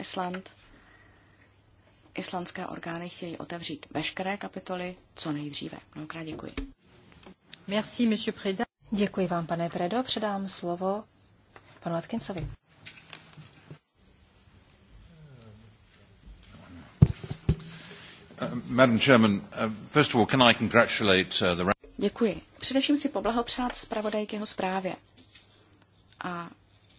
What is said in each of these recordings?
Island. Islandské orgány chtějí otevřít veškeré kapitoly co nejdříve. Mnohokrát děkuji. Merci, monsieur Preda. Děkuji vám, pane Predo. Předám slovo panu Atkinsovi. Uh, uh, uh, děkuji. Především si poblahopřát zpravodaj k jeho zprávě a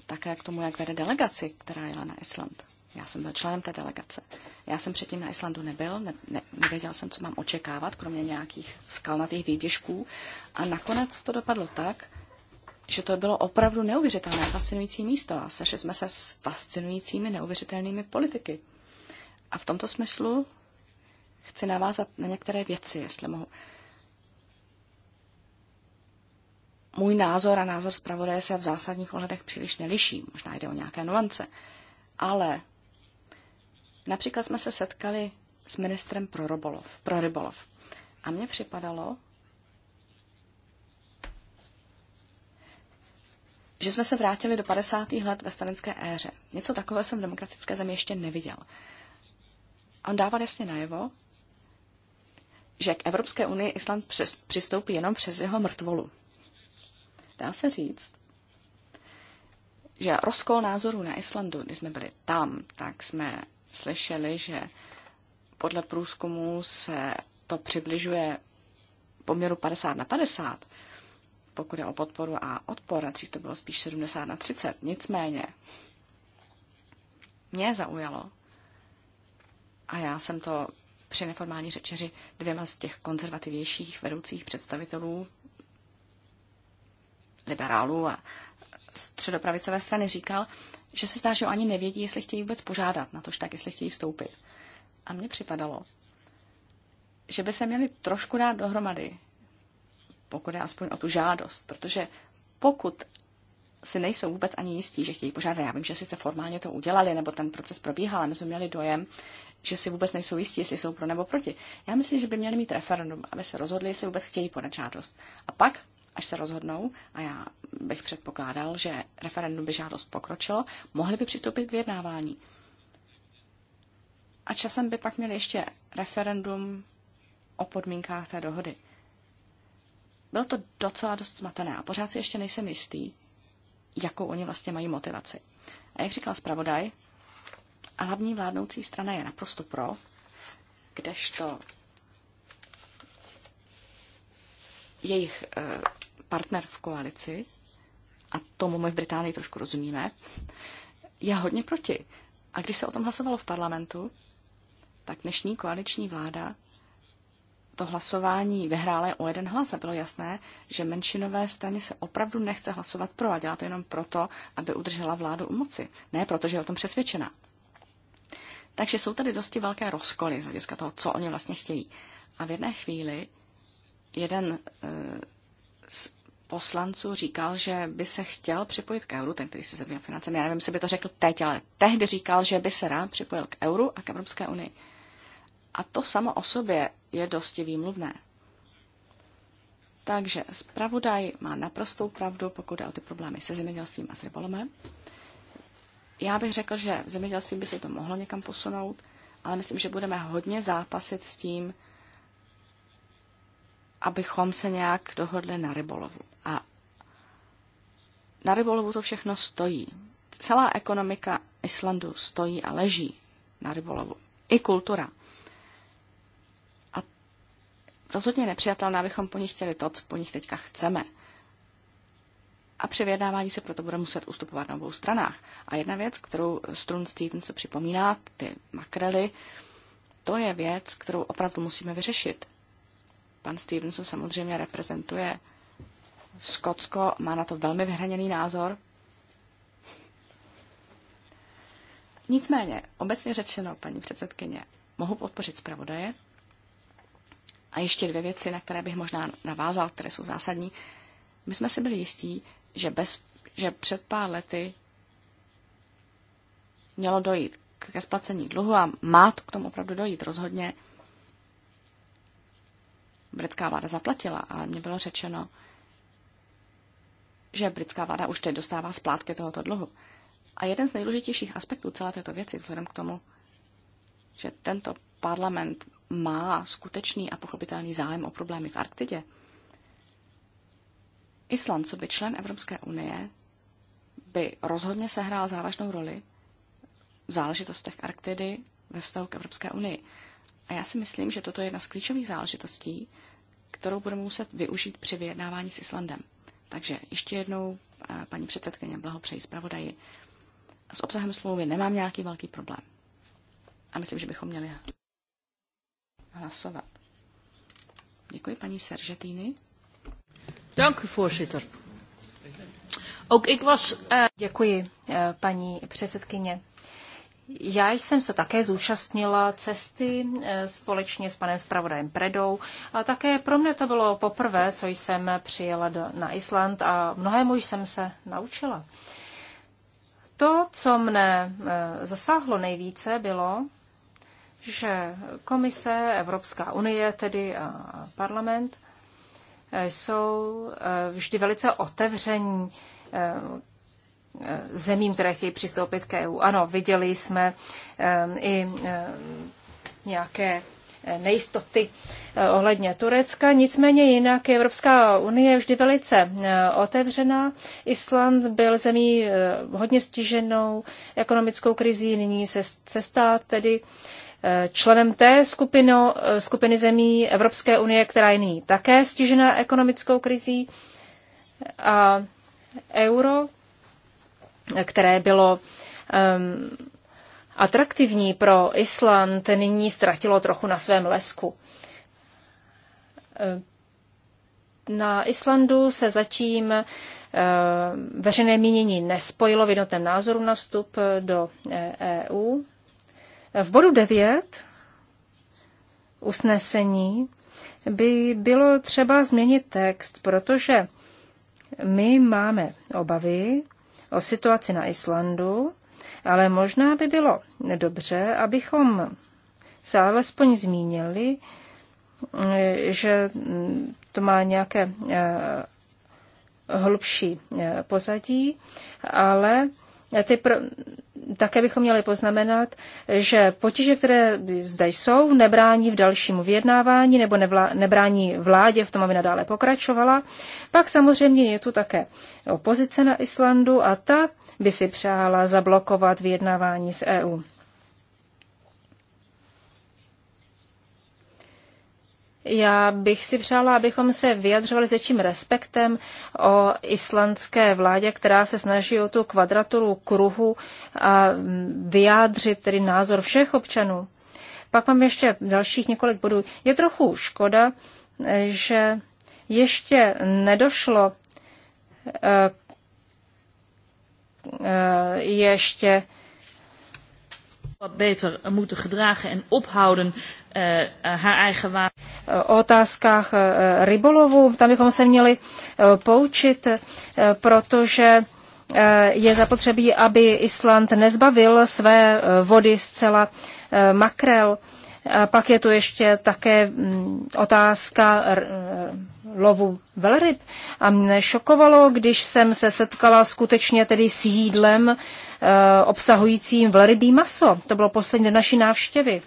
také k tomu, jak vede delegaci, která jela na Island. Já jsem byl členem té delegace. Já jsem předtím na Islandu nebyl, ne, ne, nevěděl jsem, co mám očekávat, kromě nějakých skalnatých výběžků. A nakonec to dopadlo tak, že to bylo opravdu neuvěřitelné, fascinující místo. A sešli jsme se s fascinujícími, neuvěřitelnými politiky. A v tomto smyslu chci navázat na některé věci, jestli mohu. Můj názor a názor zpravodaje se v zásadních ohledech příliš neliší. Možná jde o nějaké nuance. Ale Například jsme se setkali s ministrem pro, robolov, pro rybolov. A mně připadalo, že jsme se vrátili do 50. let ve stalinské éře. Něco takového jsem v demokratické zemi ještě neviděl. A on dával jasně najevo, že k Evropské unii Island přistoupí jenom přes jeho mrtvolu. Dá se říct, že rozkol názorů na Islandu, když jsme byli tam, tak jsme slyšeli, že podle průzkumu se to přibližuje poměru 50 na 50, pokud je o podporu a odpor, a to bylo spíš 70 na 30. Nicméně, mě zaujalo, a já jsem to při neformální řečeři dvěma z těch konzervativějších vedoucích představitelů liberálů a středopravicové strany říkal, že se zdá, že ani nevědí, jestli chtějí vůbec požádat, na tož tak, jestli chtějí vstoupit. A mně připadalo, že by se měli trošku dát dohromady, pokud je aspoň o tu žádost, protože pokud si nejsou vůbec ani jistí, že chtějí požádat. Já vím, že sice formálně to udělali, nebo ten proces probíhal, ale my jsme měli dojem, že si vůbec nejsou jistí, jestli jsou pro nebo proti. Já myslím, že by měli mít referendum, aby se rozhodli, jestli vůbec chtějí podat žádost. A pak až se rozhodnou, a já bych předpokládal, že referendum by žádost pokročilo, mohli by přistoupit k vyjednávání. A časem by pak měli ještě referendum o podmínkách té dohody. Bylo to docela dost smatené a pořád si ještě nejsem jistý, jakou oni vlastně mají motivaci. A jak říkal zpravodaj, a hlavní vládnoucí strana je naprosto pro, kdežto jejich eh, partner v koalici, a tomu my v Británii trošku rozumíme, je hodně proti. A když se o tom hlasovalo v parlamentu, tak dnešní koaliční vláda to hlasování vyhrála o jeden hlas a bylo jasné, že menšinové straně se opravdu nechce hlasovat pro a dělá to jenom proto, aby udržela vládu u moci. Ne proto, že je o tom přesvědčena. Takže jsou tady dosti velké rozkoly z hlediska toho, co oni vlastně chtějí. A v jedné chvíli jeden eh, z poslanců říkal, že by se chtěl připojit k euru, ten, který se zabývá financemi. Já nevím, jestli by to řekl teď, ale tehdy říkal, že by se rád připojil k euru a k Evropské unii. A to samo o sobě je dosti výmluvné. Takže zpravodaj má naprostou pravdu, pokud jde o ty problémy se zemědělstvím a s rybolomem. Já bych řekl, že v zemědělství by se to mohlo někam posunout, ale myslím, že budeme hodně zápasit s tím, abychom se nějak dohodli na rybolovu. A na rybolovu to všechno stojí. Celá ekonomika Islandu stojí a leží na rybolovu. I kultura. A rozhodně nepřijatelná, abychom po nich chtěli to, co po nich teďka chceme. A při vyjednávání se proto bude muset ustupovat na obou stranách. A jedna věc, kterou Strun Steven se připomíná, ty makrely, to je věc, kterou opravdu musíme vyřešit. Pan Stevenson samozřejmě reprezentuje Skotsko, má na to velmi vyhraněný názor. Nicméně, obecně řečeno, paní předsedkyně, mohu podpořit zpravodaje. A ještě dvě věci, na které bych možná navázal, které jsou zásadní. My jsme si byli jistí, že, bez, že před pár lety mělo dojít ke splacení dluhu a má to k tomu opravdu dojít rozhodně britská vláda zaplatila, ale mně bylo řečeno, že britská vláda už teď dostává splátky tohoto dluhu. A jeden z nejdůležitějších aspektů celé této věci, vzhledem k tomu, že tento parlament má skutečný a pochopitelný zájem o problémy v Arktidě, Island, co by člen Evropské unie, by rozhodně sehrál závažnou roli v záležitostech Arktidy ve vztahu k Evropské unii. A já si myslím, že toto je jedna z klíčových záležitostí, kterou budeme muset využít při vyjednávání s Islandem. Takže ještě jednou, paní předsedkyně, blahopřeji zpravodaji. S obsahem smlouvy nemám nějaký velký problém. A myslím, že bychom měli hlasovat. Děkuji paní Seržetýny. Dank voorzitter. Ook ik was, uh... Děkuji, eh, paní předsedkyně. Já jsem se také zúčastnila cesty eh, společně s panem zpravodajem Predou a také pro mě to bylo poprvé, co jsem přijela do, na Island a mnohému jsem se naučila. To, co mne eh, zasáhlo nejvíce, bylo, že komise, Evropská unie tedy a parlament eh, jsou vždy velice otevření Eh, zemím, které chtějí přistoupit k EU. Ano, viděli jsme eh, i eh, nějaké nejistoty ohledně Turecka. Nicméně jinak je Evropská unie vždy velice otevřená. Island byl zemí hodně stiženou ekonomickou krizí, nyní se, se stát tedy členem té skupino, skupiny zemí Evropské unie, která je nyní také stižená ekonomickou krizí. A euro které bylo um, atraktivní pro Island, nyní ztratilo trochu na svém lesku. Na Islandu se zatím veřejné mínění nespojilo v jednotném názoru na vstup do EU. E v bodu 9 usnesení by bylo třeba změnit text, protože my máme obavy, o situaci na Islandu, ale možná by bylo dobře, abychom se alespoň zmínili, eh, že to má nějaké eh, hlubší eh, pozadí, ale ty pro, také bychom měli poznamenat, že potíže, které zde jsou, nebrání v dalšímu vyjednávání nebo nevla, nebrání vládě v tom, aby nadále pokračovala. Pak samozřejmě je tu také opozice na Islandu a ta by si přála zablokovat vyjednávání s EU. Já bych si přála, abychom se vyjadřovali s větším respektem o islandské vládě, která se snaží o tu kvadraturu kruhu a vyjádřit tedy názor všech občanů. Pak mám ještě dalších několik bodů. Je trochu škoda, že ještě nedošlo eh, eh, ještě Wat beter moeten gedragen en ophouden eh, eh, haar eigen waarde. O otázkách eh, rybolovu, tam bychom se měli poučit, protože je zapotřebí, aby Island nezbavil své vody zcela makrel. Pak je tu ještě také mm, otázka lovu velryb. A mne šokovalo, když jsem se setkala skutečně tedy s jídlem e, obsahujícím velrybí maso. To bylo poslední den naší návštěvy.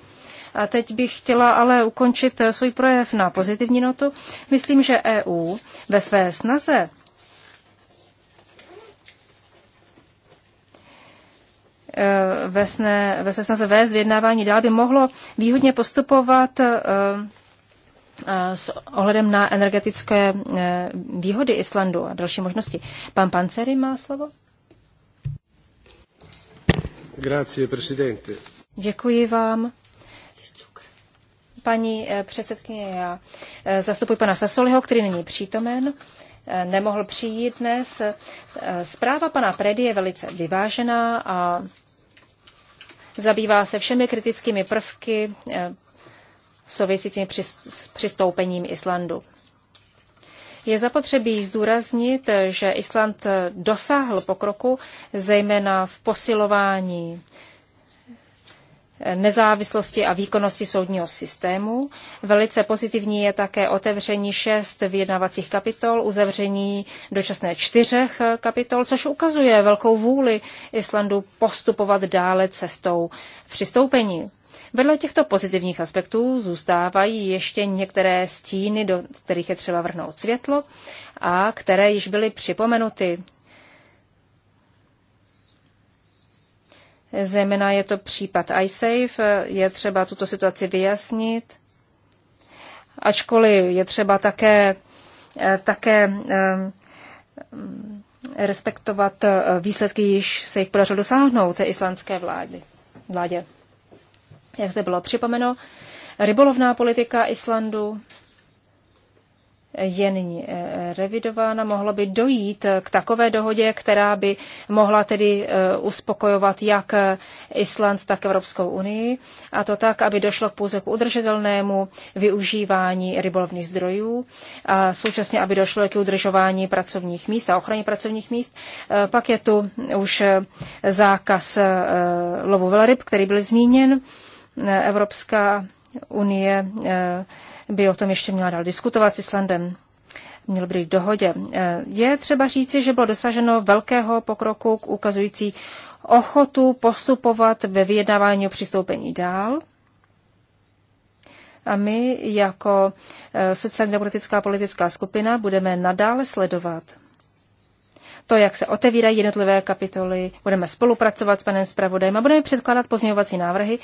A teď bych chtěla ale ukončit eh, svůj projev na pozitivní notu. Myslím, že EU ve své snaze eh, ve, sne, ve se snaze vést vyjednávání dál by mohlo výhodně postupovat s ohledem na energetické e, výhody Islandu a další možnosti. Pan Panceri má slovo. Grazie, presidente. Děkuji vám. Paní e, předsedkyně, já e, zastupuji pana Sasoliho, který není přítomen, nemohl přijít dnes. Zpráva pana Predy je velice vyvážená a zabývá se všemi kritickými prvky souvisejícím přistoupením Islandu. Je zapotřebí zdůraznit, že Island dosáhl pokroku zejména v posilování nezávislosti a výkonnosti soudního systému. Velice pozitivní je také otevření šest vyjednávacích kapitol, uzavření dočasné čtyřech kapitol, což ukazuje velkou vůli Islandu postupovat dále cestou přistoupení. Vedle těchto pozitivních aspektů zůstávají ještě některé stíny, do kterých je třeba vrhnout světlo a které již byly připomenuty. Zejména je to případ iSafe, je třeba tuto situaci vyjasnit, ačkoliv je třeba také, eh, také eh, respektovat eh, výsledky, již se jich podařilo dosáhnout té islandské vlády, vládě jak zde bylo připomeno, rybolovná politika Islandu je nyní eh, revidována, mohlo by dojít k takové dohodě, která by mohla tedy eh, uspokojovat jak Island, tak Evropskou unii, a to tak, aby došlo k pouze k udržitelnému využívání rybolovných zdrojů a současně, aby došlo k udržování pracovních míst a ochraně pracovních míst. Eh, pak je tu už zákaz lovu velryb, který byl zmíněn Evropská unie eh, by o tom ještě měla dál diskutovat s Islandem měl být v dohodě. Eh, je třeba říci, že bylo dosaženo velkého pokroku ukazující ochotu postupovat ve vyjednávání o přistoupení dál. A my jako eh, sociálně demokratická politická skupina budeme nadále sledovat to, jak se otevírají jednotlivé kapitoly, budeme spolupracovat s panem zpravodajem a budeme předkládat pozměňovací návrhy,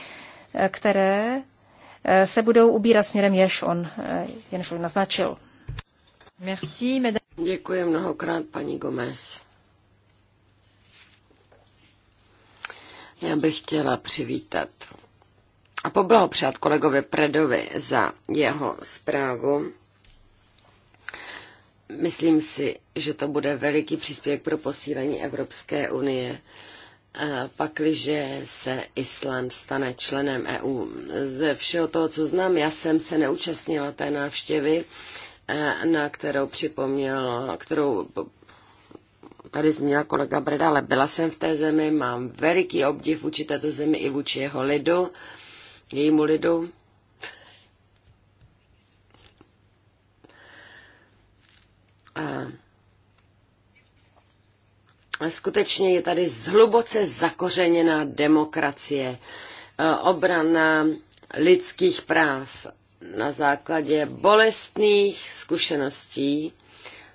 které eh, se budou ubírat směrem, jež on, eh, jenž on naznačil. Merci, madame. Děkuji mnohokrát, paní Gomez. Já bych chtěla přivítat a poblahopřát kolegovi Predovi za jeho zprávu. Myslím si, že to bude veliký příspěvek pro posílení Evropské unie pakliže se Island stane členem EU. Ze všeho toho, co znám, já jsem se neúčastnila té návštěvy, e, na kterou připomněl, kterou tady zmínila kolega Breda, ale byla jsem v té zemi, mám veliký obdiv vůči této zemi i vůči jeho lidu, jejímu lidu. A skutečně je tady zhluboce zakořeněná demokracie, e, obrana lidských práv na základě bolestných zkušeností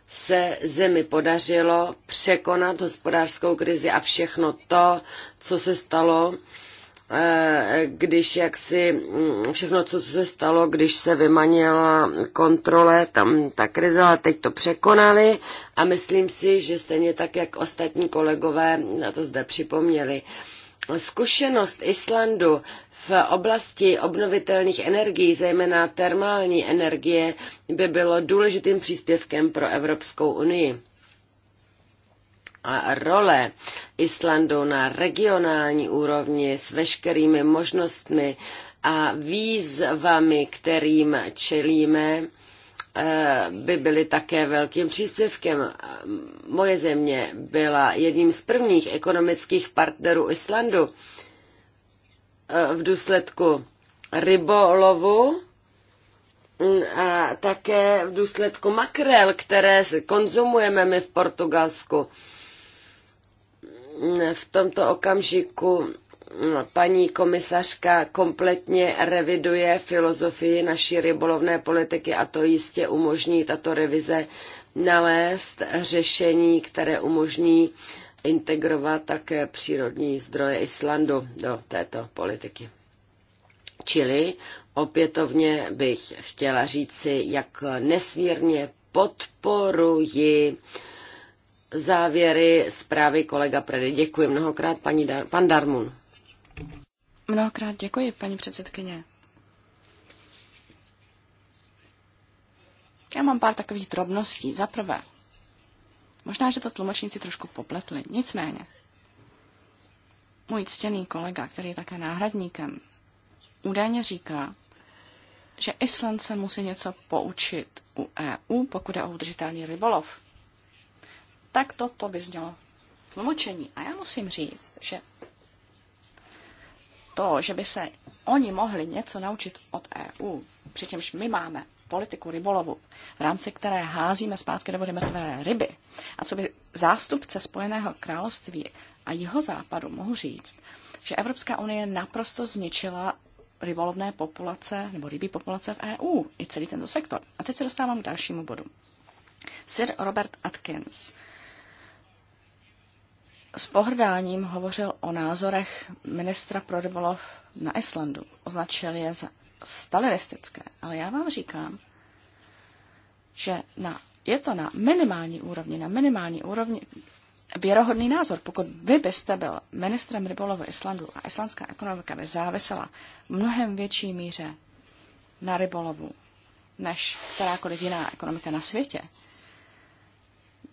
se zemi podařilo překonat hospodářskou krizi a všechno to, co se stalo Eh, když jak si mm, všechno, co se stalo, když se vymanila kontrole, tam ta krize, ale teď to překonali a myslím si, že stejně tak, jak ostatní kolegové na to zde připomněli. Zkušenost Islandu v oblasti obnovitelných energií, zejména termální energie, by bylo důležitým příspěvkem pro Evropskou unii a role Islandu na regionální úrovni s veškerými možnostmi a výzvami, kterým čelíme, eh, by byly také velkým příspěvkem. Moje země byla jedním z prvních ekonomických partnerů Islandu eh, v důsledku rybolovu mm, a také v důsledku makrel, které konzumujeme my v Portugalsku v tomto okamžiku paní komisařka kompletně reviduje filozofii naší rybolovné politiky a to jistě umožní tato revize nalézt řešení, které umožní integrovat také přírodní zdroje Islandu do této politiky. Čili opětovně bych chtěla říci, jak nesmírně podporuji uh, závěry zprávy kolega Predy. Děkuji mnohokrát, paní Dar- pan Darmun. Mnohokrát děkuji, paní předsedkyně. Já mám pár takových drobností. Za prvé, možná, že to tlumočníci trošku popletli, nicméně. Můj ctěný kolega, který je také náhradníkem, údajně říká, že Island se musí něco poučit u EU, pokud je o udržitelný rybolov tak toto by znělo tlumočení. A já musím říct, že to, že by se oni mohli něco naučit od EU, přičemž my máme politiku rybolovu, v rámci které házíme zpátky do vody mrtvé ryby, a co by zástupce Spojeného království a jeho západu mohu říct, že Evropská unie naprosto zničila rybolovné populace nebo rybí populace v EU i celý tento sektor. A teď se dostávám k dalšímu bodu. Sir Robert Atkins, s pohrdáním hovořil o názorech ministra pro rybolov na Islandu. Označil je za stalinistické. Ale já vám říkám, že na, je to na minimální úrovni, na minimální úrovni věrohodný názor. Pokud vy byste byl ministrem rybolovu Islandu a islandská ekonomika by závisela v mnohem větší míře na rybolovu než kterákoliv jiná ekonomika na světě,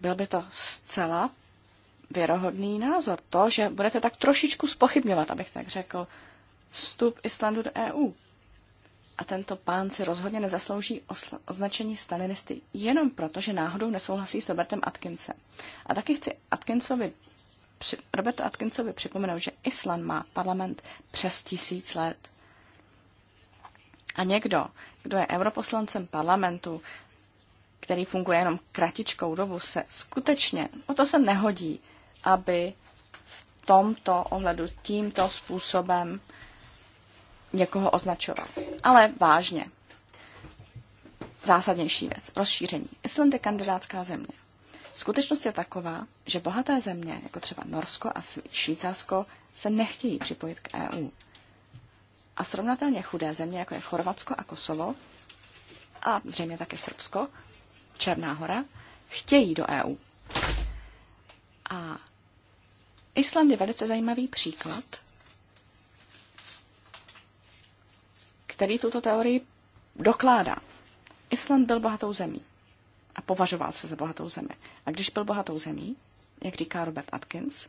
byl by to zcela věrohodný názor. To, že budete tak trošičku spochybňovat, abych tak řekl, vstup Islandu do EU. A tento pán si rozhodně nezaslouží označení stalinisty jenom proto, že náhodou nesouhlasí s Robertem Atkinsem. A taky chci Atkinsovi, při, Robertu Atkinsovi připomenout, že Island má parlament přes tisíc let. A někdo, kdo je europoslancem parlamentu, který funguje jenom kratičkou dobu, se skutečně, o to se nehodí, aby v tomto ohledu tímto způsobem někoho označoval. Ale vážně. Zásadnější věc. Rozšíření. Island je kandidátská země. Skutečnost je taková, že bohaté země, jako třeba Norsko a Švýcarsko, se nechtějí připojit k EU. A srovnatelně chudé země, jako je Chorvatsko a Kosovo, a zřejmě také Srbsko, Černá hora, chtějí do EU. A Island je velice zajímavý příklad, který tuto teorii dokládá. Island byl bohatou zemí a považoval se za bohatou zemi. A když byl bohatou zemí, jak říká Robert Atkins,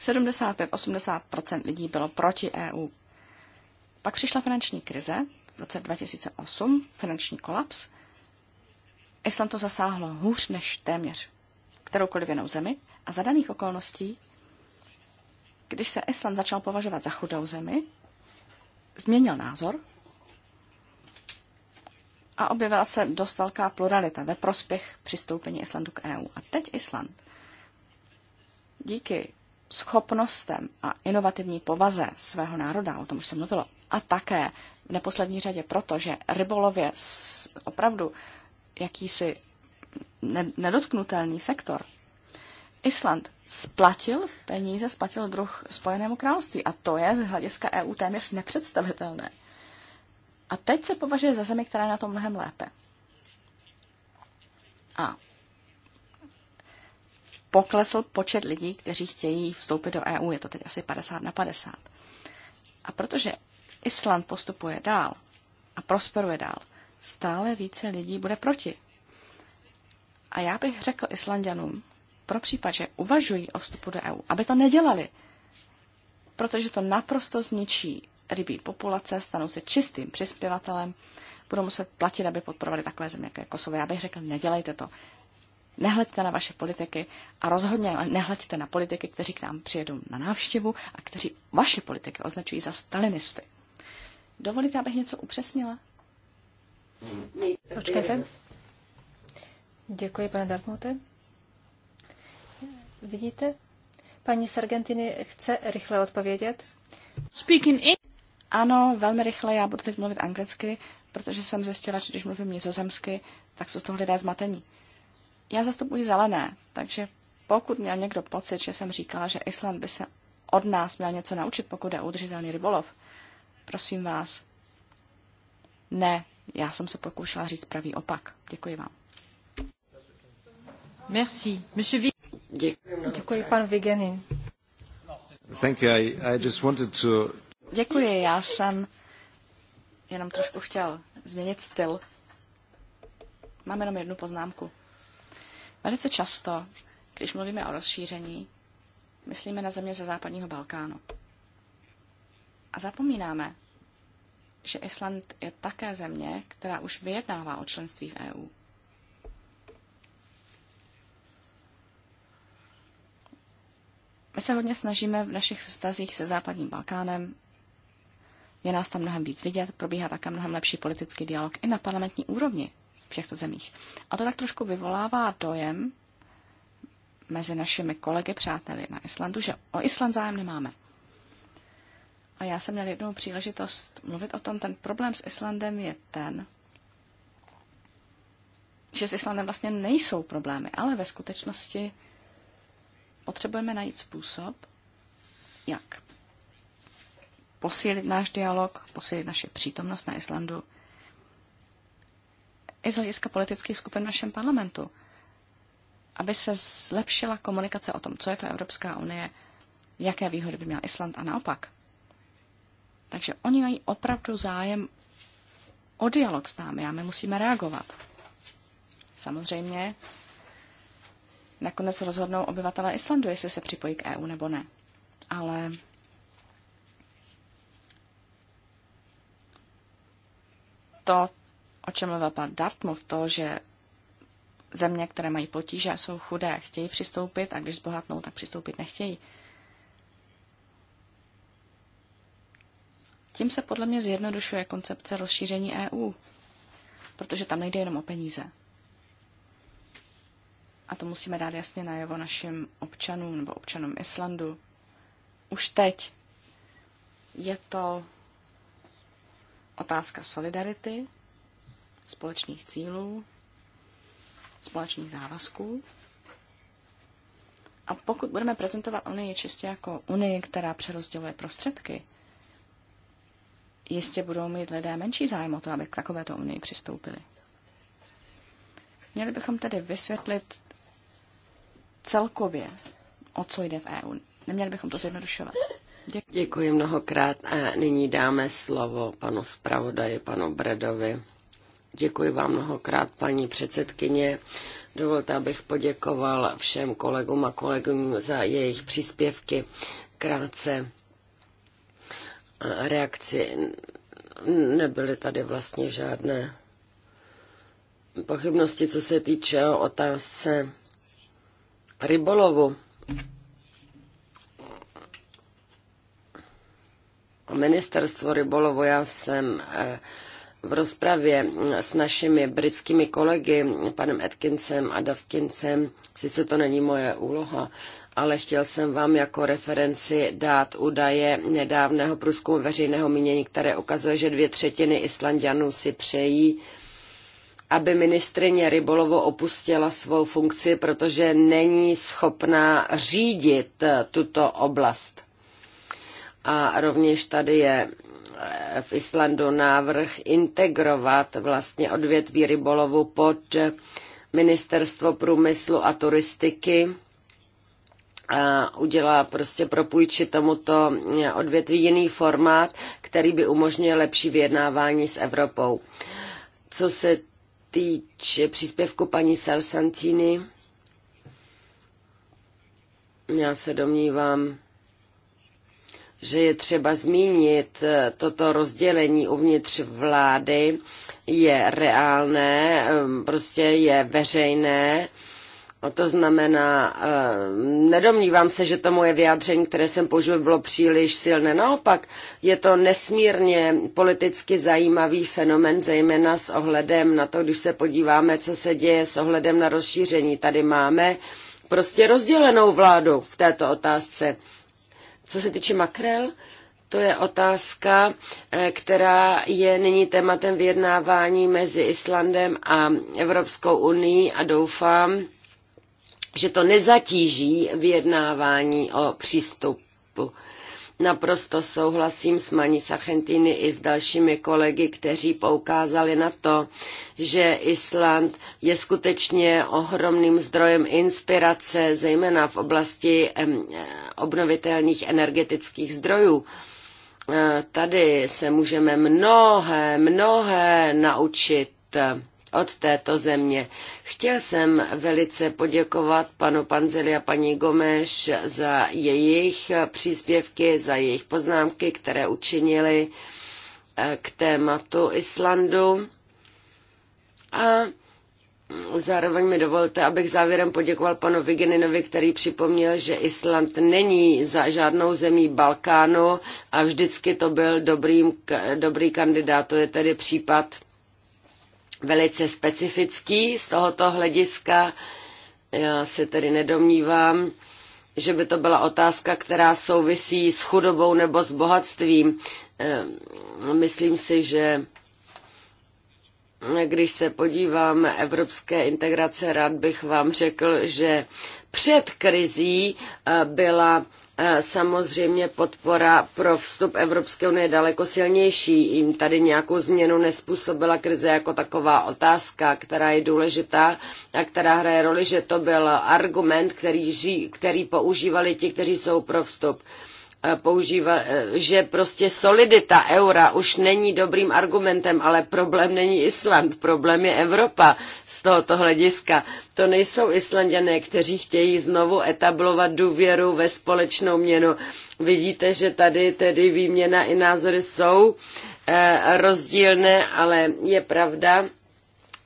75-80 lidí bylo proti EU. Pak přišla finanční krize v roce 2008, finanční kolaps. Island to zasáhlo hůř než téměř kteroukoliv jinou zemi a za daných okolností, když se Island začal považovat za chudou zemi, změnil názor a objevila se dost velká pluralita ve prospěch přistoupení Islandu k EU. A teď Island díky schopnostem a inovativní povaze svého národa, o tom už se mluvilo, a také v neposlední řadě proto, že rybolov je opravdu jakýsi nedotknutelný sektor. Island splatil peníze, splatil druh Spojenému království a to je z hlediska EU téměř nepředstavitelné. A teď se považuje za zemi, která je na tom mnohem lépe. A poklesl počet lidí, kteří chtějí vstoupit do EU. Je to teď asi 50 na 50. A protože Island postupuje dál a prosperuje dál, stále více lidí bude proti. A já bych řekl Islandianům, pro případ, že uvažují o vstupu do EU, aby to nedělali, protože to naprosto zničí rybí populace, stanou se čistým přispěvatelem, budou muset platit, aby podporovali takové země jako je Kosovo. Já bych řekl, nedělejte to. Nehleďte na vaše politiky a rozhodně nehleďte na politiky, kteří k nám přijedou na návštěvu a kteří vaše politiky označují za stalinisty. Dovolíte, abych něco upřesnila? Počkejte. Děkuji, pane Dartmute. Vidíte? Paní Sargentini chce rychle odpovědět. Speaking in... Ano, velmi rychle, já budu teď mluvit anglicky, protože jsem zjistila, že když mluvím nizozemsky, tak jsou z toho lidé zmatení. Já zastupuji zelené, takže pokud měl někdo pocit, že jsem říkala, že Island by se od nás měl něco naučit, pokud je udržitelný rybolov, prosím vás, ne, já jsem se pokoušela říct pravý opak. Děkuji vám. Děkuji, já jsem jenom trošku chtěl změnit styl. Mám jenom jednu poznámku. Velice často, když mluvíme o rozšíření, myslíme na země ze západního Balkánu. A zapomínáme, že Island je také země, která už vyjednává o členství v EU. My se hodně snažíme v našich vztazích se Západním Balkánem. Je nás tam mnohem víc vidět, probíhá také mnohem lepší politický dialog i na parlamentní úrovni v těchto zemích. A to tak trošku vyvolává dojem mezi našimi kolegy, přáteli na Islandu, že o Island zájem nemáme. A já jsem měl jednou příležitost mluvit o tom, ten problém s Islandem je ten, že s Islandem vlastně nejsou problémy, ale ve skutečnosti Potřebujeme najít způsob, jak posílit náš dialog, posílit naše přítomnost na Islandu i z hlediska politických skupin v našem parlamentu, aby se zlepšila komunikace o tom, co je to Evropská unie, jaké výhody by měl Island a naopak. Takže oni mají opravdu zájem o dialog s námi a my musíme reagovat. Samozřejmě Nakonec rozhodnou obyvatelé Islandu, jestli se připojí k EU nebo ne. Ale to, o čem mluvil pan Dartmouth, to, že země, které mají potíže a jsou chudé, chtějí přistoupit a když zbohatnou, tak přistoupit nechtějí. Tím se podle mě zjednodušuje koncepce rozšíření EU, protože tam nejde jenom o peníze a to musíme dát jasně najevo našim občanům nebo občanům Islandu, už teď je to otázka solidarity, společných cílů, společných závazků. A pokud budeme prezentovat Unii čistě jako Unii, která přerozděluje prostředky, jistě budou mít lidé menší zájem o to, aby k takovéto Unii přistoupili. Měli bychom tedy vysvětlit celkově, o co jde v EU. Neměli bychom to zjednodušovat. Děkuji, Děkuji mnohokrát a nyní dáme slovo panu zpravodaji, panu Bredovi. Děkuji vám mnohokrát, paní předsedkyně. Dovolte, abych poděkoval všem kolegům a kolegům za jejich příspěvky. Krátce reakci nebyly tady vlastně žádné pochybnosti, co se týče otázce rybolovu. Ministerstvo rybolovu, já jsem eh, v rozpravě eh, s našimi britskými kolegy, panem Atkinsem a Davkincem, sice to není moje úloha, ale chtěl jsem vám jako referenci dát údaje nedávného průzkumu veřejného mínění, které ukazuje, že dvě třetiny Islandianů si přejí aby ministrině Rybolovo opustila svou funkci, protože není schopná řídit eh, tuto oblast. A rovněž tady je eh, v Islandu návrh integrovat vlastně odvětví rybolovu pod Ministerstvo průmyslu a turistiky a udělá prostě propůjčit tomuto eh, odvětví jiný formát, který by umožnil lepší vyjednávání s Evropou. Co se týče příspěvku paní Sarsantini, já se domnívám, že je třeba zmínit eh, toto rozdělení uvnitř vlády, je reálné, eh, prostě je veřejné to znamená, eh, nedomnívám se, že to moje vyjádření, které jsem použil, bylo příliš silné. Naopak, je to nesmírně politicky zajímavý fenomen, zejména s ohledem na to, když se podíváme, co se děje s ohledem na rozšíření. Tady máme prostě rozdělenou vládu v této otázce. Co se týče makrel, to je otázka, eh, která je nyní tématem vyjednávání mezi Islandem a Evropskou unii a doufám, že to nezatíží vyjednávání o přístupu. Naprosto souhlasím s Maní Sachentiny i s dalšími kolegy, kteří poukázali na to, že Island je skutečně ohromným zdrojem inspirace, zejména v oblasti obnovitelných energetických zdrojů. E, tady se můžeme mnohé, mnohé naučit od této země. Chtěl jsem velice poděkovat panu Panzeli a paní Gomeš za jejich příspěvky, za jejich poznámky, které učinili eh, k tématu Islandu. A Zároveň mi dovolte, abych závěrem poděkoval panu Vigeninovi, který připomněl, že Island není za žádnou zemí Balkánu a vždycky to byl dobrý, dobrý kandidát. To je tedy případ velice specifický z tohoto hlediska. Já se tedy nedomnívám, že by to byla otázka, která souvisí s chudobou nebo s bohatstvím. Eh, myslím si, že když se podívám evropské integrace, rád bych vám řekl, že před krizí eh, byla E, samozřejmě podpora pro vstup Evropské unie je daleko silnější. Jim tady nějakou změnu nespůsobila krize jako taková otázka, která je důležitá a která hraje roli, že to byl argument, který, ži, který používali ti, kteří jsou pro vstup. Eh, eh, že prostě solidita eura už není dobrým argumentem, ale problém není Island, problém je Evropa z tohoto hlediska. To nejsou Islandiané, kteří chtějí znovu etablovat důvěru ve společnou měnu. Vidíte, že tady tedy výměna i názory jsou eh, rozdílné, ale je pravda,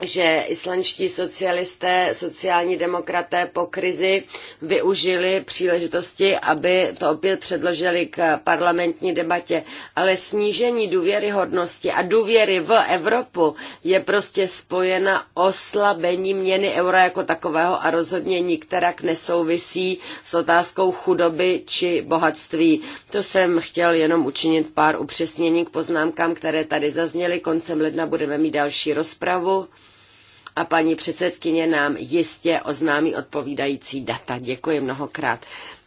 že islandští socialisté, sociální demokraté po krizi využili příležitosti, aby to opět předložili k parlamentní debatě. Ale snížení důvěryhodnosti a důvěry v Evropu je prostě spojena oslabení měny eura jako takového a rozhodně nikterak nesouvisí s otázkou chudoby či bohatství. To jsem chtěl jenom učinit pár upřesnění k poznámkám, které tady zazněly. Koncem ledna budeme mít další rozpravu a paní předsedkyně nám jistě oznámí odpovídající data. Děkuji mnohokrát.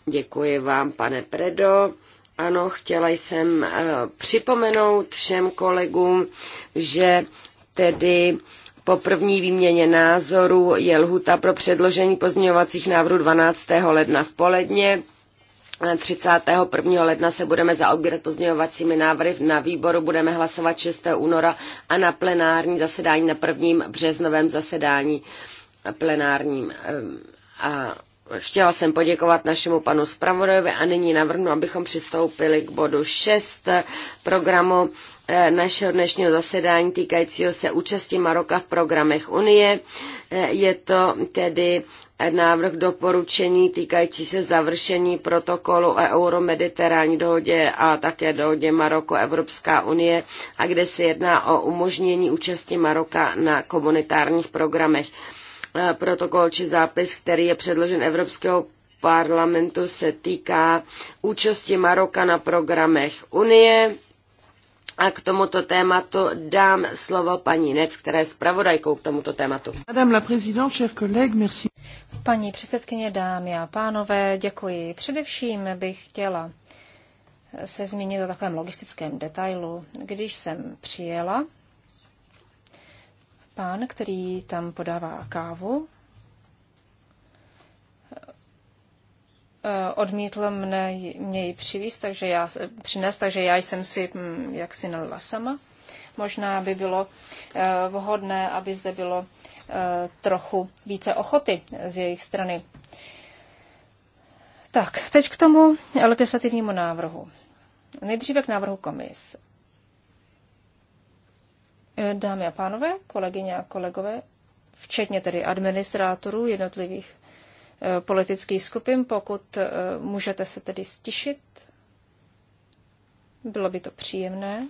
Děkuji vám, pane Predo. Ano, chtěla jsem eh, připomenout všem kolegům, že tedy po první výměně názoru je lhuta pro předložení pozměňovacích návrhů 12. ledna v poledně. 31. ledna se budeme zaobírat pozměňovacími návrhy. Na výboru budeme hlasovat 6. února a na plenární zasedání, na prvním březnovém zasedání plenárním. Ehm, a Chtěla jsem poděkovat našemu panu zpravodajovi a nyní navrhnu, abychom přistoupili k bodu 6 programu eh, našeho dnešního zasedání týkajícího se účasti Maroka v programech Unie. Eh, je to tedy eh, návrh doporučení týkající se završení protokolu o euromediterální dohodě a také dohodě Maroko Evropská unie a kde se jedná o umožnění účasti Maroka na komunitárních programech. Eh, protokol či zápis, který je předložen Evropského parlamentu, se týká účasti Maroka na programech Unie. A k tomuto tématu dám slovo paní Nec, která je zpravodajkou k tomuto tématu. Madame la présidente, chers collègues, merci. Paní předsedkyně, dámy a pánové, děkuji. Především bych chtěla se zmínit o takovém logistickém detailu. Když jsem přijela Pán, který tam podává kávu, eh, odmítl mne, mě ji přivést, takže já, přines, takže já jsem si hm, jaksi nalila sama. Možná by bylo eh, vhodné, aby zde bylo eh, trochu více ochoty z jejich strany. Tak, teď k tomu legislativnímu návrhu. Nejdříve k návrhu komis. Dámy a pánové, kolegyně a kolegové, včetně tedy administrátorů jednotlivých eh, politických skupin, pokud eh, můžete se tedy stišit, bylo by to příjemné.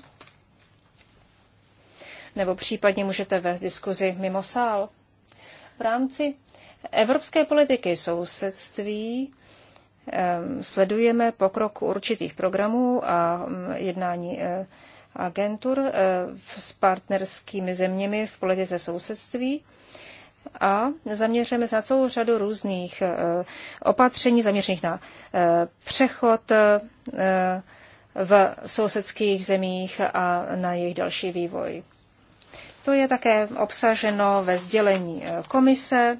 Nebo případně můžete vést diskuzi mimo sál. V rámci evropské politiky sousedství eh, sledujeme pokrok určitých programů a mm, jednání agentur eh, s partnerskými zeměmi v politice sousedství a zaměřujeme se na celou řadu různých eh, opatření zaměřených na eh, přechod v sousedských zemích a na jejich další vývoj. To je také obsaženo ve sdělení komise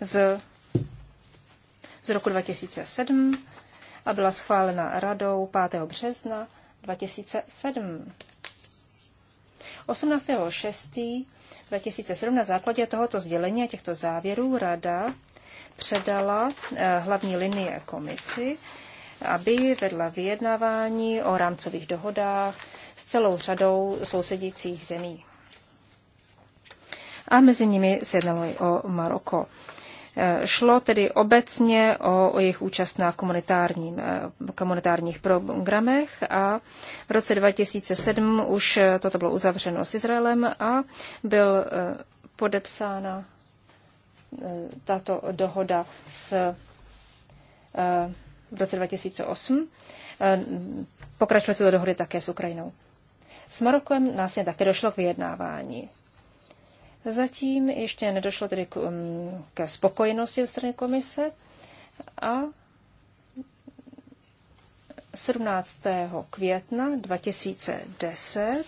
z, z roku 2007 a byla schválena radou 5. března 2007. 18.6.2007 na základě tohoto sdělení a těchto závěrů Rada předala eh, hlavní linie komisi, aby vedla vyjednávání o rámcových dohodách s celou řadou sousedících zemí. A mezi nimi se jednalo i o Maroko. Šlo tedy obecně o, o jejich účast na komunitárním, eh, komunitárních programech a v roce 2007 už toto bylo uzavřeno s Izraelem a byl eh, podepsána eh, tato dohoda s, v roce 2008. Pokračuje tyto dohody také s Ukrajinou. S Marokem následně také došlo k vyjednávání. Zatím ještě nedošlo tedy k, um, ke spokojenosti ze strany komise a 17. května 2010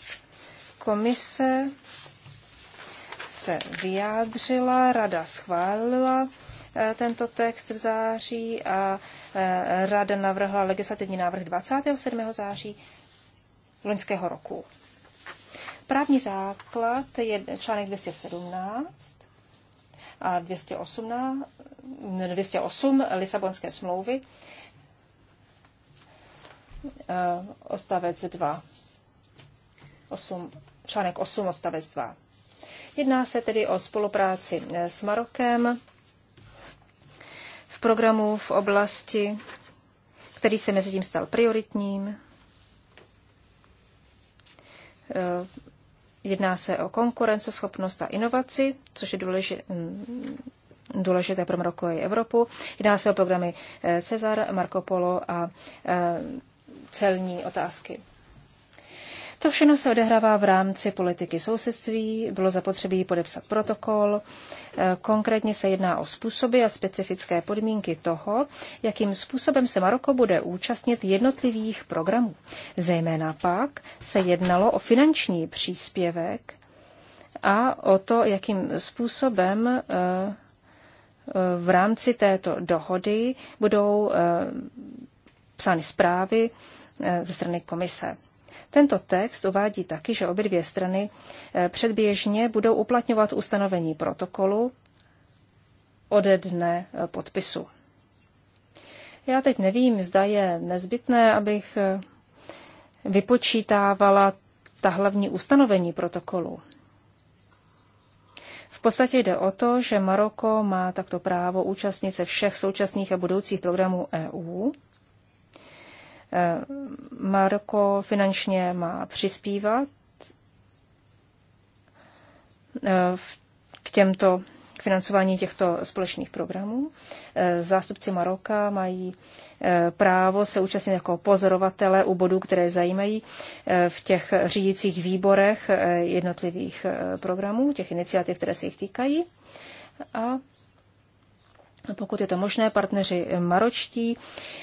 komise se vyjádřila, rada schválila eh, tento text v září a eh, rada navrhla legislativní návrh 27. září loňského roku. Právní základ je článek 217 a 218, 208 Lisabonské smlouvy, eh, odstavec 2. 8, článek 8, odstavec 2. Jedná se tedy o spolupráci eh, s Marokem v programu v oblasti, který se mezi tím stal prioritním eh, Jedná se o konkurenceschopnost a inovaci, což je důležité, mm, důležité pro Maroko i Evropu. Jedná se o programy eh, Cezar, Marco Polo a eh, celní otázky. To všechno se odehrává v rámci politiky sousedství, bylo zapotřebí podepsat protokol. Eh, konkrétně se jedná o způsoby a specifické podmínky toho, jakým způsobem se Maroko bude účastnit jednotlivých programů. Zejména pak se jednalo o finanční příspěvek a o to, jakým způsobem eh, eh, v rámci této dohody budou psány zprávy ze strany komise. Tento text uvádí taky, že obě dvě strany eh, předběžně budou uplatňovat ustanovení protokolu ode dne eh, podpisu. Já teď nevím, zda je nezbytné, abych eh, vypočítávala ta hlavní ustanovení protokolu. V podstatě jde o to, že Maroko má takto právo účastnit se všech současných a budoucích programů EU Maroko finančně má přispívat eh, k těmto k financování těchto společných programů. Eh, zástupci Maroka mají eh, právo se účastnit jako pozorovatele u bodů, které zajímají v těch řídících výborech jednotlivých programů, těch iniciativ, které se jich týkají. A pokud je to možné, partneři maročtí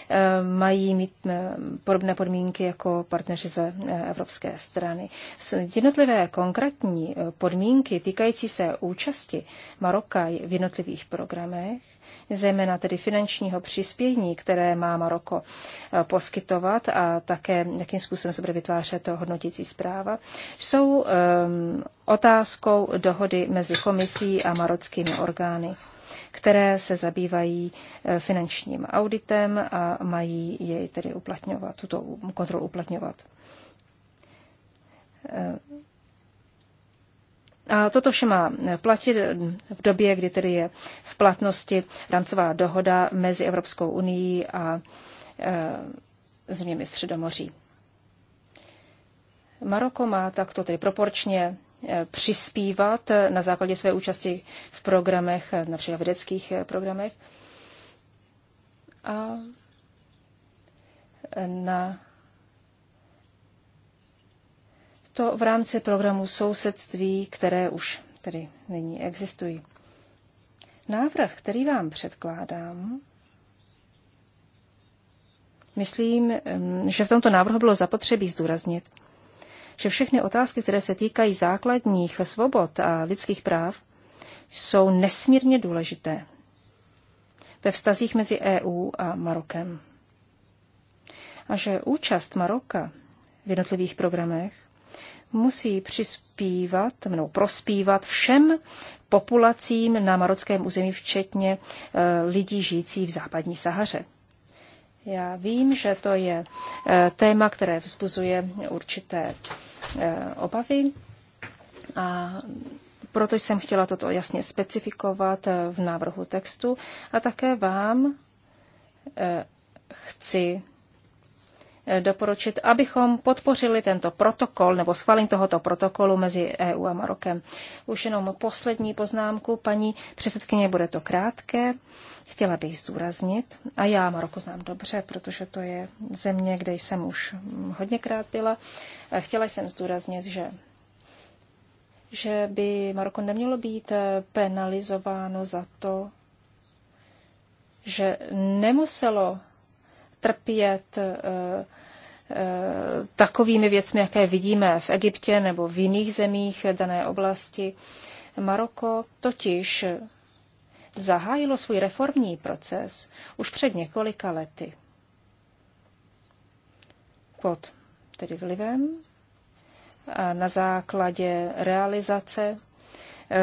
eh, mají mít eh, podobné podmínky jako partneři ze eh, evropské strany. Jednotlivé konkrétní podmínky týkající se účasti Maroka v jednotlivých programech, zejména tedy finančního přispění, které má Maroko poskytovat a také, jakým způsobem se bude vytvářet to hodnotící zpráva, jsou ehm, otázkou dohody mezi komisí a marockými orgány které se zabývají eh, finančním auditem a mají jej tedy uplatňovat, tuto kontrolu uplatňovat. Eh, a toto vše má eh, platit v době, kdy tedy je v platnosti rámcová dohoda mezi Evropskou unii a zeměmi Středomoří. Maroko má takto tedy proporčně Eh, přispívat eh, na základě své účasti v programech, eh, například vědeckých programech. A na to v rámci programu sousedství, které už tedy nyní existují. Návrh, který vám předkládám, myslím, mm, že v tomto návrhu bylo zapotřebí zdůraznit, že všechny otázky, které se týkají základních svobod a lidských práv, jsou nesmírně důležité ve vztazích mezi EU a Marokem. A že účast Maroka v jednotlivých programech musí přispívat nebo prospívat všem populacím na marockém území, včetně e, lidí žijící v západní Sahaře. Já vím, že to je e, téma, které vzbuzuje určité Eh, obavy a proto jsem chtěla toto jasně specifikovat eh, v návrhu textu a také vám eh, chci doporučit, abychom podpořili tento protokol nebo schválení tohoto protokolu mezi EU a Marokem. Už jenom poslední poznámku, paní předsedkyně, bude to krátké. Chtěla bych zdůraznit, a já Maroko znám dobře, protože to je země, kde jsem už hodněkrát byla, chtěla jsem zdůraznit, že že by Maroko nemělo být penalizováno za to, že nemuselo trpět eh, Eh, takovými věcmi, jaké vidíme v Egyptě nebo v jiných zemích dané oblasti. Maroko totiž zahájilo svůj reformní proces už před několika lety. Pod tedy vlivem a na základě realizace eh,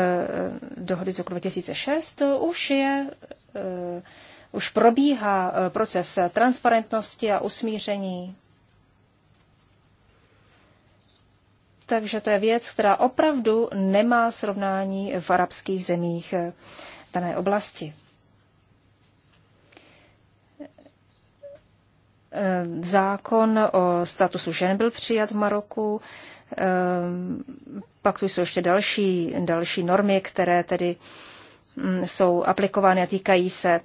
dohody z roku 2006 už je eh, už probíhá proces transparentnosti a usmíření Takže to je věc, která opravdu nemá srovnání v arabských zemích eh, dané oblasti. Eh, zákon o statusu žen byl přijat v Maroku. Eh, pak tu jsou ještě další, další normy, které tedy mm, jsou aplikovány a týkají se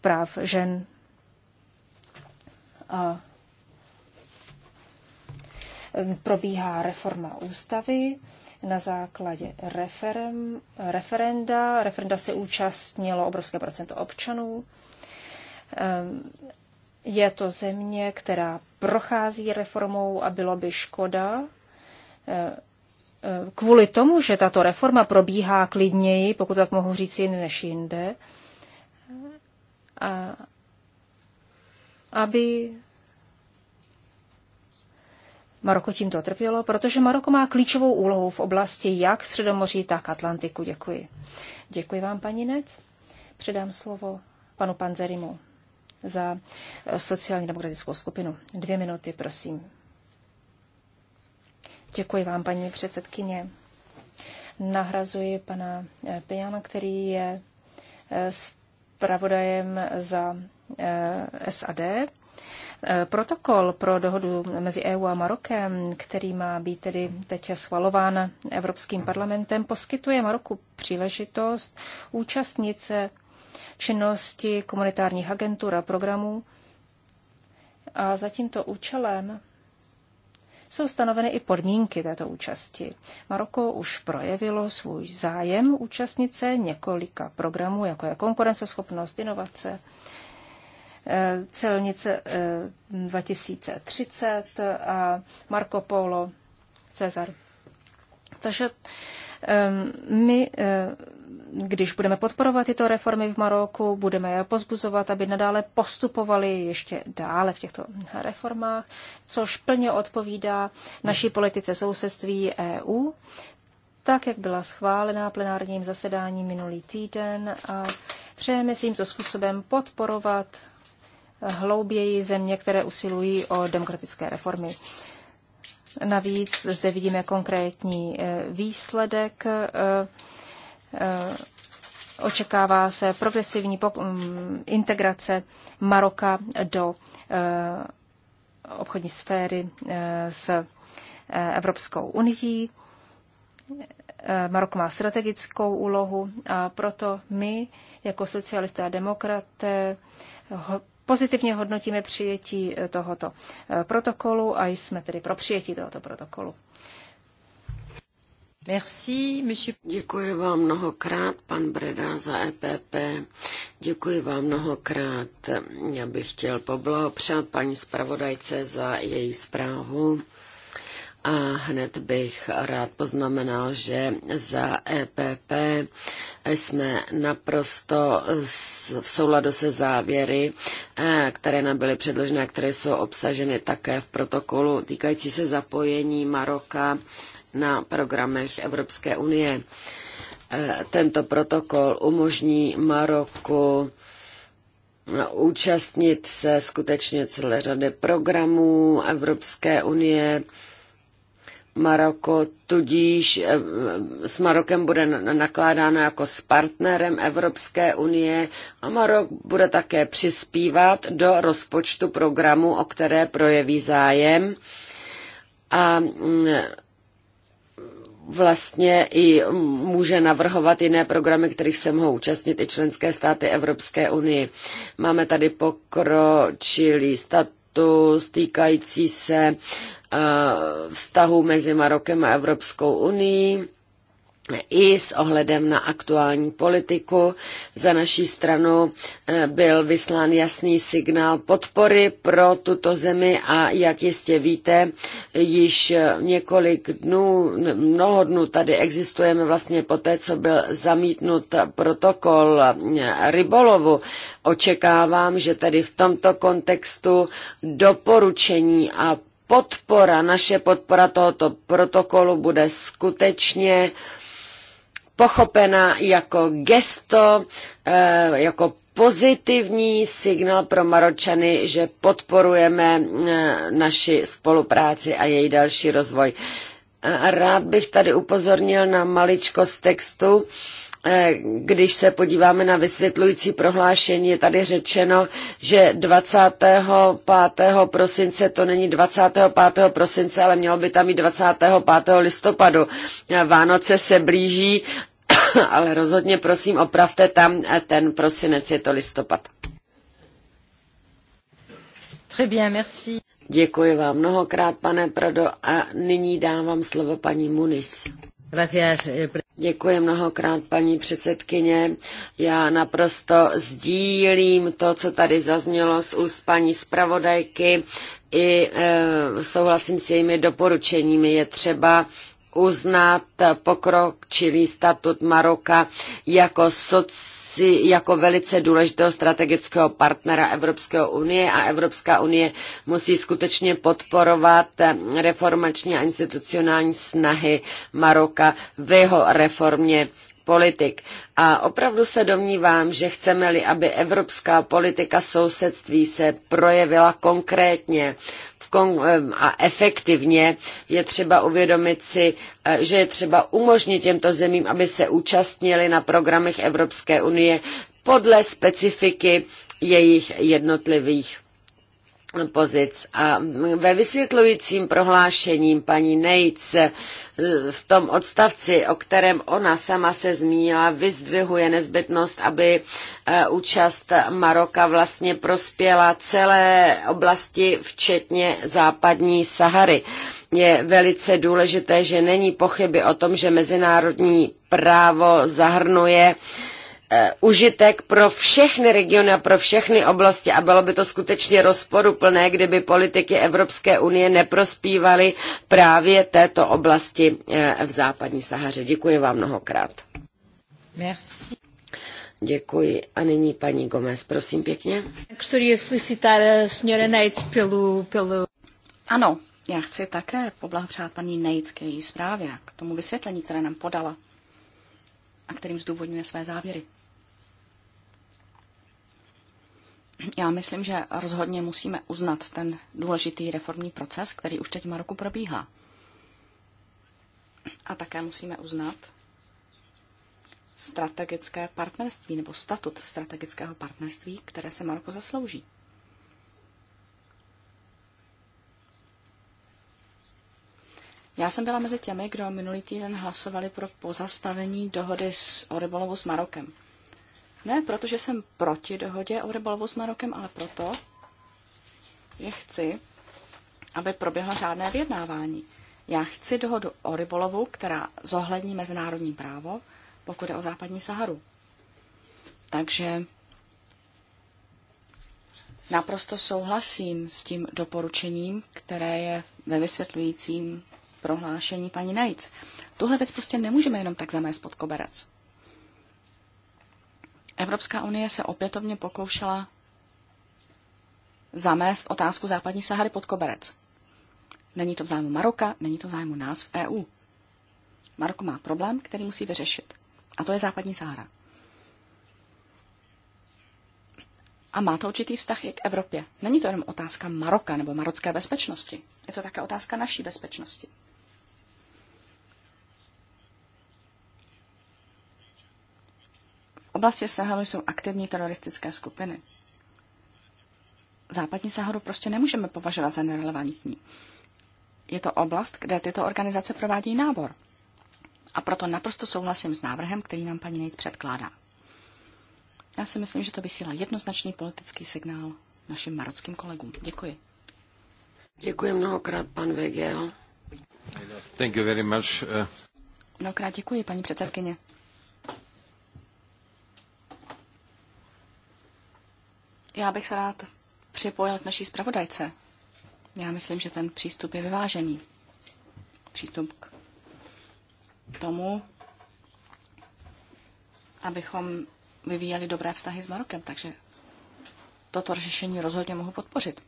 práv žen a probíhá reforma ústavy na základě referem, referenda. Referenda se účastnilo obrovské procento občanů. Ehm, je to země, která prochází reformou a bylo by škoda eh, eh, kvůli tomu, že tato reforma probíhá klidněji, pokud tak mohu říct jinde než jinde, a aby Maroko tímto trpělo, protože Maroko má klíčovou úlohu v oblasti jak Středomoří, tak Atlantiku. Děkuji. Děkuji vám, paní Nec. Předám slovo panu Panzerimu za eh, sociální demokratickou skupinu. Dvě minuty, prosím. Děkuji vám, paní předsedkyně. Nahrazuji pana eh, Pijana, který je eh, zpravodajem za SAD Eh, protokol pro dohodu mezi EU a Marokem, který má být tedy teď schvalován Evropským parlamentem, poskytuje Maroku příležitost účastnit se činnosti komunitárních agentur a programů. A za tímto účelem jsou stanoveny i podmínky této účasti. Maroko už projevilo svůj zájem účastnice několika programů, jako je konkurenceschopnost, inovace, Eh, celnice 2030 eh, a Marco Polo Cezar. Takže eh, my, když budeme podporovat tyto reformy v Maroku, budeme je pozbuzovat, aby nadále postupovali ještě dále v těchto reformách, což plně odpovídá naší politice sousedství EU, tak, jak byla schválená plenárním zasedáním minulý týden a přejeme si tímto způsobem podporovat hlouběji země, které usilují o demokratické reformy. Navíc zde vidíme konkrétní eh, výsledek. Eh, eh, očekává se progresivní mm, integrace Maroka do obchodní sféry s Evropskou unii. Maroko má strategickou úlohu a proto my jako socialisté a demokraté Pozitivně hodnotíme přijetí eh, tohoto eh, protokolu a jsme tedy pro přijetí tohoto protokolu. Merci, monsieur. Děkuji vám mnohokrát, pan Breda za EPP. Děkuji vám mnohokrát. Já bych chtěl poblahopřát paní zpravodajce za její zprávu a hned bych rád poznamenal, že za EPP jsme naprosto v souladu se závěry, eh, které nám byly předloženy a které jsou obsaženy také v protokolu týkající se zapojení Maroka na programech Evropské unie. Eh, tento protokol umožní Maroku eh, účastnit se skutečně celé řady programů Evropské unie Maroko tudíž eh, s Marokem bude nakládáno jako s partnerem Evropské unie a Marok bude také přispívat do rozpočtu programu, o které projeví zájem. A mm, vlastně i může navrhovat jiné programy, kterých se mohou účastnit i členské státy Evropské unie. Máme tady pokročilý statut tématu stýkající se eh, vztahu mezi Marokem a Evropskou unii i s ohledem na aktuální politiku. Za naší stranu eh, byl vyslán jasný signál podpory pro tuto zemi a jak jistě víte, již eh, několik dnů, mnoho dnů tady existujeme vlastně po té, co byl zamítnut protokol eh, rybolovu. Očekávám, že tady v tomto kontextu doporučení a podpora, naše podpora tohoto protokolu bude skutečně uh, pochopena jako gesto, eh, jako pozitivní signál pro Maročany, že podporujeme eh, naši spolupráci a její další rozvoj. Rád bych tady upozornil na maličkost textu, Eh, když se podíváme na vysvětlující prohlášení, je tady řečeno, že 25. prosince to není 25. prosince, ale mělo by tam i 25. listopadu. Eh, Vánoce se blíží, ale rozhodně prosím opravte tam eh, ten prosinec, je to listopad. Très bien, merci. Děkuji vám mnohokrát, pane Prodo, a nyní dávám slovo paní Munis. Eh, Děkuji mnohokrát, paní předsedkyně. Já naprosto sdílím to, co tady zaznělo z úst paní zpravodajky i e, souhlasím s jejími doporučeními. Je třeba uznat pokrok, čili statut Maroka jako soc si jako velice důležitého strategického partnera Evropské unie a Evropská unie musí skutečně podporovat reformační a institucionální snahy Maroka v jeho reformě politik. A opravdu se domnívám, že chceme-li, aby evropská politika sousedství se projevila konkrétně eh, a efektivně, je třeba uvědomit si, eh, že je třeba umožnit těmto zemím, aby se účastnili na programech Evropské unie podle specifiky jejich jednotlivých pozic. A ve vysvětlujícím prohlášením paní Nejc eh, v tom odstavci, o kterém ona sama se zmínila, vyzdvihuje nezbytnost, aby eh, účast Maroka vlastně prospěla celé oblasti, včetně západní Sahary. Je velice důležité, že není pochyby o tom, že mezinárodní právo zahrnuje uh, Eh, užitek pro všechny regiony a pro všechny oblasti a bylo by to skutečně rozporuplné, kdyby politiky Evropské unie neprospívaly právě této oblasti eh, v západní Sahaře. Děkuji vám mnohokrát. Merci. Děkuji. A nyní paní Gomez, prosím pěkně. Eh, ano, já chci také poblahopřát paní Neitz k její zprávě, k tomu vysvětlení, které nám podala a kterým zdůvodňuje své závěry. Já myslím, že rozhodně musíme uznat ten důležitý reformní proces, který už teď v Maroku probíhá. A také musíme uznat strategické partnerství nebo statut strategického partnerství, které se Maroko zaslouží. Já jsem byla mezi těmi, kdo minulý týden hlasovali pro pozastavení dohody s, o s Marokem. Ne proto, že jsem proti dohodě o rybolovu s Marokem, ale proto, že chci, aby proběhlo řádné vyjednávání. Já chci dohodu o rybolovu, která zohlední mezinárodní právo, pokud je o západní Saharu. Takže naprosto souhlasím s tím doporučením, které je ve vysvětlujícím prohlášení paní Nejc. Tuhle věc prostě nemůžeme jenom tak zamést pod koberec. Evropská unie se opětovně pokoušela zamést otázku západní Sahary pod koberec. Není to v zájmu Maroka, není to v zájmu nás v EU. Maroko má problém, který musí vyřešit. A to je západní Sahara. A má to určitý vztah i k Evropě. Není to jenom otázka Maroka nebo marocké bezpečnosti. Je to také otázka naší bezpečnosti. oblasti Sahelu jsou aktivní teroristické skupiny. Západní Saharu prostě nemůžeme považovat za nerelevantní. Je to oblast, kde tyto organizace provádí nábor. A proto naprosto souhlasím s návrhem, který nám paní Nejc předkládá. Já si myslím, že to vysílá jednoznačný politický signál našim marockým kolegům. Děkuji. Děkuji mnohokrát, pan Vegel. Thank you very much. Eh. Mnohokrát děkuji, paní předsedkyně. Já bych se rád připojil k naší zpravodajce. Já myslím, že ten přístup je vyvážený. Přístup k tomu, abychom vyvíjeli dobré vztahy s Marokem, takže toto řešení rozhodně mohu podpořit.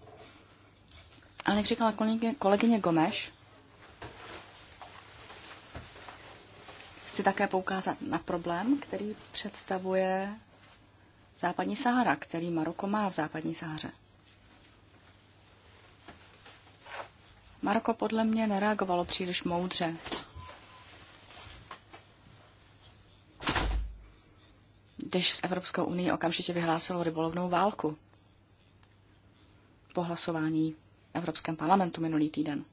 Ale jak říkala kolegyně, kolegyně Gomeš, chci také poukázat na problém, který představuje západní Sahara, který Maroko má v západní Sahaře. Maroko podle mě nereagovalo příliš moudře. Když s Evropskou unii okamžitě vyhlásilo rybolovnou válku po hlasování v Evropském parlamentu minulý týden.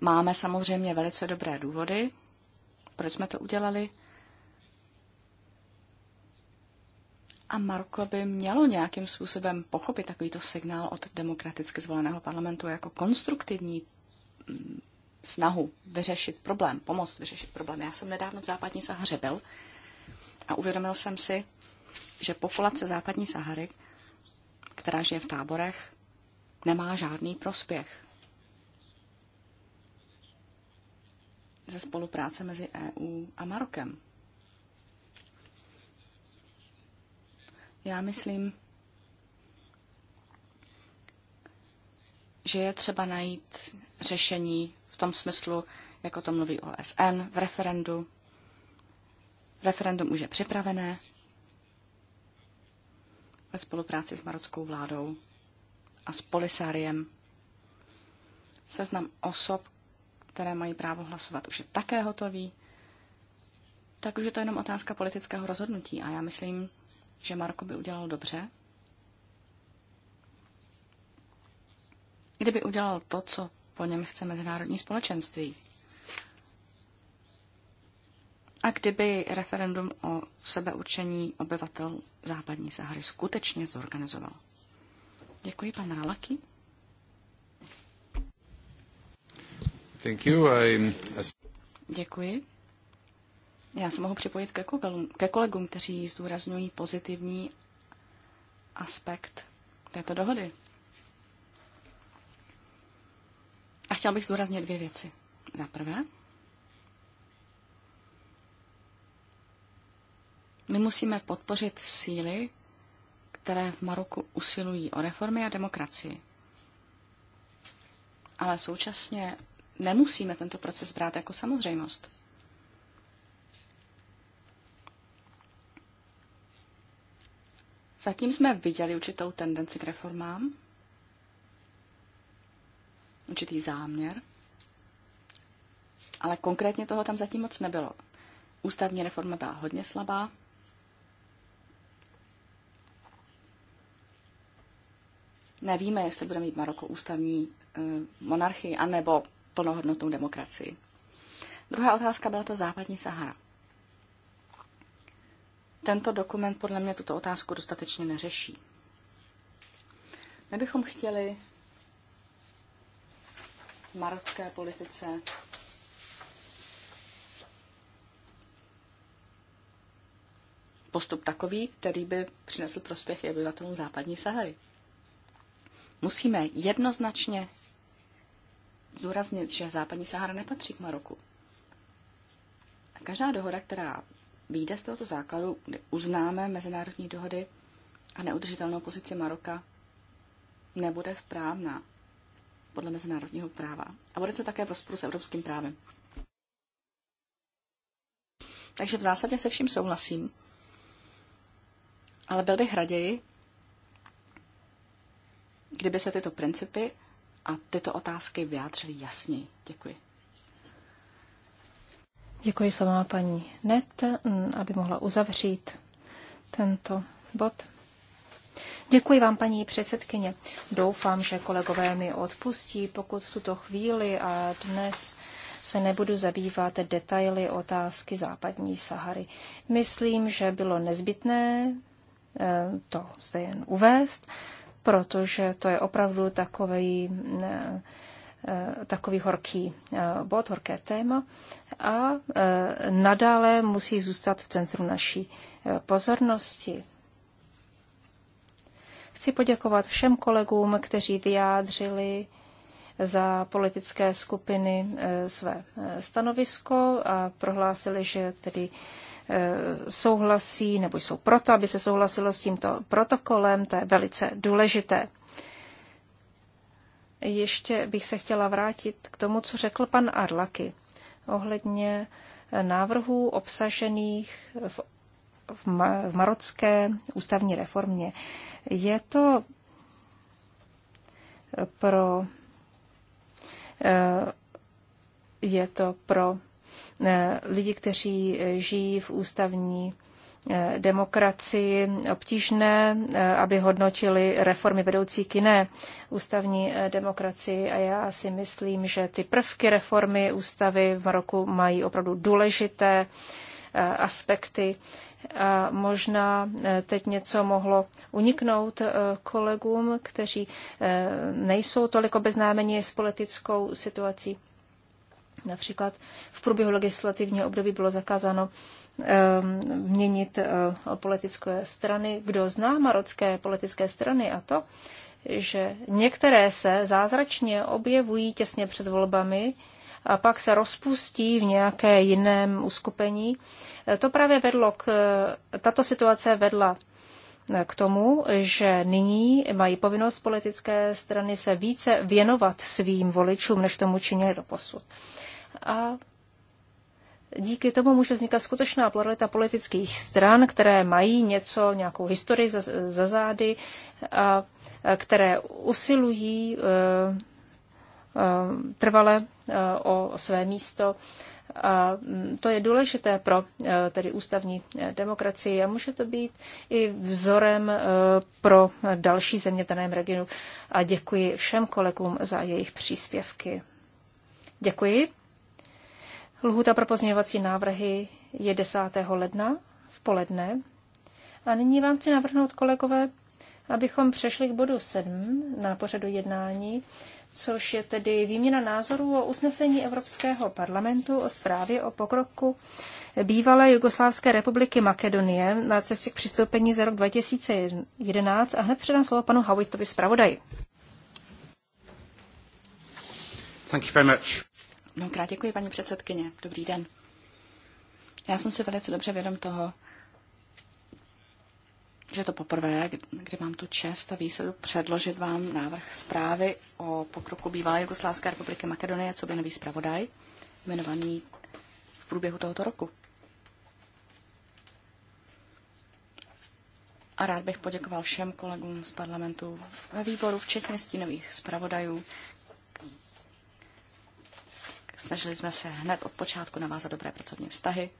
Máme samozřejmě velice dobré důvody, proč jsme to udělali, a Marko by mělo nějakým způsobem pochopit takovýto signál od demokraticky zvoleného parlamentu jako konstruktivní mm, snahu vyřešit problém, pomoct vyřešit problém. Já jsem nedávno v západní Sahaře byl a uvědomil jsem si, že populace západní Sahary, která žije v táborech, nemá žádný prospěch ze spolupráce mezi EU a Marokem. Já myslím, že je třeba najít řešení v tom smyslu, jako to mluví OSN, v referendu. Referendum už je připravené ve spolupráci s marockou vládou a s polisáriem. Seznam osob, které mají právo hlasovat, už je také hotový. Tak už je to jenom otázka politického rozhodnutí a já myslím, že Marko by udělal dobře, kdyby udělal to, co po něm chce mezinárodní společenství. A kdyby referendum o sebeurčení obyvatel západní Sahary skutečně zorganizoval. Děkuji, pan Ralaki? Thank you. I... Děkuji. Já se mohu připojit ke kolegům, ke kolegům kteří zdůrazňují pozitivní aspekt této dohody. A chtěl bych zdůraznit dvě věci. Za prvé, my musíme podpořit síly, které v Maroku usilují o reformy a demokracii. Ale současně nemusíme tento proces brát jako samozřejmost. Zatím jsme viděli určitou tendenci k reformám, určitý záměr, ale konkrétně toho tam zatím moc nebylo. Ústavní reforma byla hodně slabá. Nevíme, jestli bude mít Maroko ústavní e, monarchii anebo plnohodnotnou demokracii. Druhá otázka byla ta západní Sahara. Tento dokument podle mě tuto otázku dostatečně neřeší. My bychom chtěli v marocké politice postup takový, který by přinesl prospěch i obyvatelům západní Sahary. Musíme jednoznačně zdůraznit, že západní Sahara nepatří k Maroku. A každá dohoda, která výjde z tohoto základu, kdy uznáme mezinárodní dohody a neudržitelnou pozici Maroka, nebude správná podle mezinárodního práva. A bude to také v rozporu s evropským právem. Takže v zásadě se vším souhlasím. Ale byl bych raději, kdyby se tyto principy a tyto otázky vyjádřily jasněji. Děkuji. Děkuji sama paní Net, mm, aby mohla uzavřít tento bod. Děkuji vám, paní předsedkyně. Doufám, že kolegové mi odpustí, pokud v tuto chvíli a dnes se nebudu zabývat detaily otázky západní Sahary. Myslím, že bylo nezbytné eh, to zde jen uvést, protože to je opravdu takový eh, Eh, takový horký eh, bod, horké téma a eh, nadále musí zůstat v centru naší pozornosti. Chci poděkovat všem kolegům, kteří vyjádřili za politické skupiny své stanovisko a prohlásili, že tedy souhlasí nebo jsou proto, aby se souhlasilo s tímto protokolem. To je velice důležité ještě bych se chtěla vrátit k tomu, co řekl pan Arlaky ohledně návrhů obsažených v, v, v marocké ústavní reformě. Je to pro eh, je to pro eh, lidi, kteří žijí v ústavní Eh, demokracii obtížné, eh, aby hodnotili reformy vedoucí k jiné ústavní eh, demokracii. A já si myslím, že ty prvky reformy ústavy v Maroku mají opravdu důležité aspekty. A možná teď něco mohlo uniknout kolegům, kteří nejsou tolik obeznámeni s politickou situací. Například v průběhu legislativního období bylo zakázáno Eh, měnit eh, politické strany. Kdo zná marocké politické strany a to, že některé se zázračně objevují těsně před volbami a pak se rozpustí v nějaké jiném uskupení. Eh, to právě vedlo k, tato situace vedla k tomu, že nyní mají povinnost politické strany se více věnovat svým voličům, než tomu činili do posud. A Díky tomu může vznikat skutečná pluralita politických stran, které mají něco, nějakou historii za, za zády, a, a které usilují e, e, trvale e, o své místo. A to je důležité pro e, tedy ústavní e, demokracii a může to být i vzorem e, pro další země v daném regionu. A děkuji všem kolegům za jejich příspěvky. Děkuji. Lhuta pro pozměňovací návrhy je 10. ledna v poledne. A nyní vám chci navrhnout, kolegové, abychom přešli k bodu 7 na pořadu jednání, což je tedy výměna názorů o usnesení Evropského parlamentu o zprávě o pokroku bývalé Jugoslávské republiky Makedonie na cestě k přistoupení za rok 2011 a hned předám slovo panu Hawitovi zpravodaji. Thank you very much. Mnohokrát děkuji, paní předsedkyně. Dobrý den. Já jsem si velice dobře vědom toho, že to poprvé, kdy mám tu čest a výsadu předložit vám návrh zprávy o pokroku bývalé Jugoslávské republiky Makedonie, co by nový zpravodaj, jmenovaný v průběhu tohoto roku. A rád bych poděkoval všem kolegům z parlamentu ve výboru, včetně stínových zpravodajů, Snažili jsme se hned od počátku navázat dobré pracovní vztahy.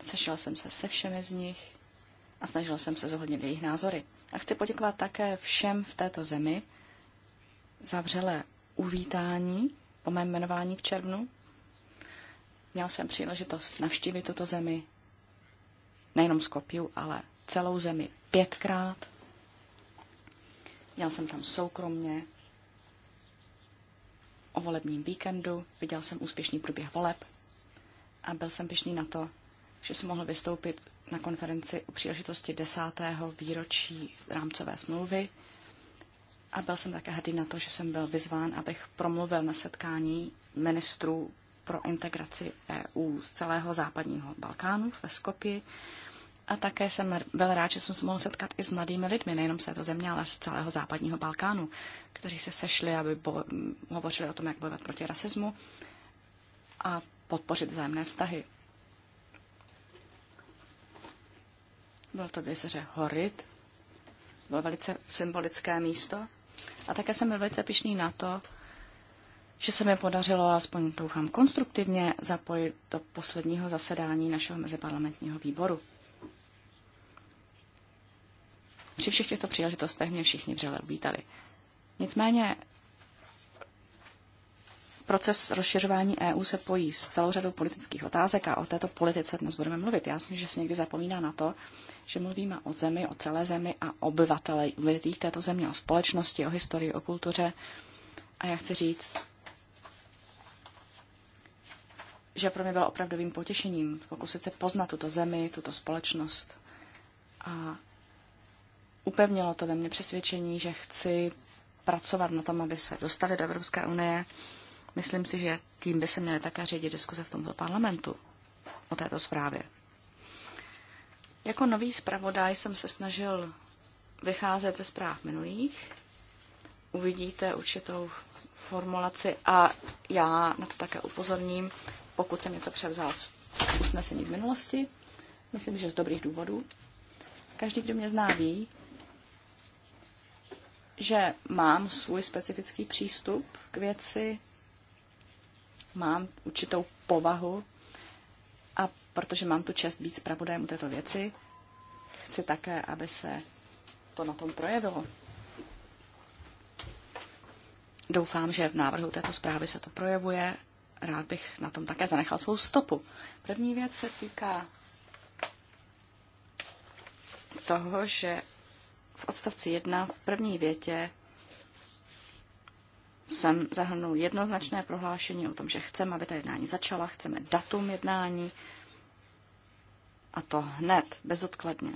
Sešel jsem se se všemi z nich a snažil jsem se zohlednit jejich názory. A chci poděkovat také všem v této zemi za vřelé uvítání po mém jmenování v červnu. Měl jsem příležitost navštívit tuto zemi, nejenom Skopju, ale celou zemi pětkrát. Měl jsem tam soukromně, o volebním víkendu, viděl jsem úspěšný průběh voleb a byl jsem pišný na to, že jsem mohl vystoupit na konferenci u příležitosti desátého výročí rámcové smlouvy a byl jsem také hrdý na to, že jsem byl vyzván, abych promluvil na setkání ministrů pro integraci EU z celého západního Balkánu ve Skopji a také jsem byl rád, že jsem se mohl setkat i s mladými lidmi, nejenom z této země, ale z celého západního Balkánu, kteří se sešli, aby bo- hovořili o tom, jak bojovat proti rasismu a podpořit vzájemné vztahy. Bylo to v jezeře Horid, bylo velice symbolické místo. A také jsem byl velice pišný na to, že se mi podařilo, aspoň doufám konstruktivně, zapojit do posledního zasedání našeho meziparlamentního výboru. Při všech těchto příležitostech mě všichni vřele vítali. Nicméně proces rozšiřování EU se pojí s celou řadou politických otázek a o této politice dnes budeme mluvit. Já si že se někdy zapomíná na to, že mluvíme o zemi, o celé zemi a obyvatele, lidí této země, o společnosti, o historii, o kultuře. A já chci říct, že pro mě bylo opravdovým potěšením pokusit se poznat tuto zemi, tuto společnost a upevnilo to ve mně přesvědčení, že chci pracovat na tom, aby se dostali do Evropské unie. Myslím si, že tím by se měly také řídit diskuze v tomto parlamentu o této zprávě. Jako nový zpravodaj jsem se snažil vycházet ze zpráv minulých. Uvidíte určitou formulaci a já na to také upozorním, pokud jsem něco převzal z usnesení z minulosti. Myslím, že z dobrých důvodů. Každý, kdo mě zná, ví, že mám svůj specifický přístup k věci, mám určitou povahu a protože mám tu čest být zpravodajem u této věci, chci také, aby se to na tom projevilo. Doufám, že v návrhu této zprávy se to projevuje. Rád bych na tom také zanechal svou stopu. První věc se týká toho, že v odstavci 1 v první větě jsem zahrnul jednoznačné prohlášení o tom, že chceme, aby ta jednání začala, chceme datum jednání a to hned, bezodkladně.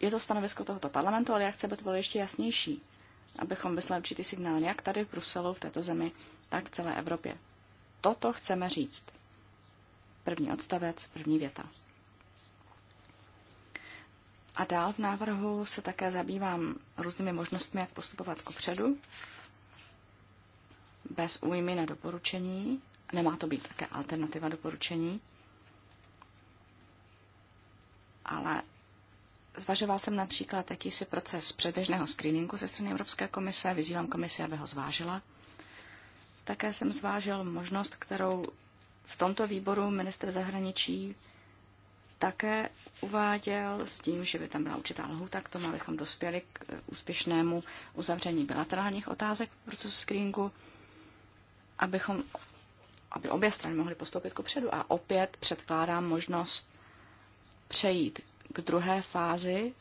Je to stanovisko tohoto parlamentu, ale já chci, aby to bylo ještě jasnější, abychom vyslali určitý signál jak tady v Bruselu, v této zemi, tak v celé Evropě. Toto chceme říct. První odstavec, první věta. A dál v návrhu se také zabývám různými možnostmi, jak postupovat kopředu, bez újmy na doporučení. Nemá to být také alternativa doporučení, ale zvažoval jsem například jakýsi proces předběžného screeningu ze strany Evropské komise, vyzývám komisi, aby ho zvážila. Také jsem zvážil možnost, kterou v tomto výboru minister zahraničí také uváděl s tím, že by tam byla určitá lhuta k tomu, abychom dospěli k eh, úspěšnému uzavření bilaterálních otázek v procesu screeningu, abychom, aby obě strany mohly postoupit předu. A opět předkládám možnost přejít k druhé fázi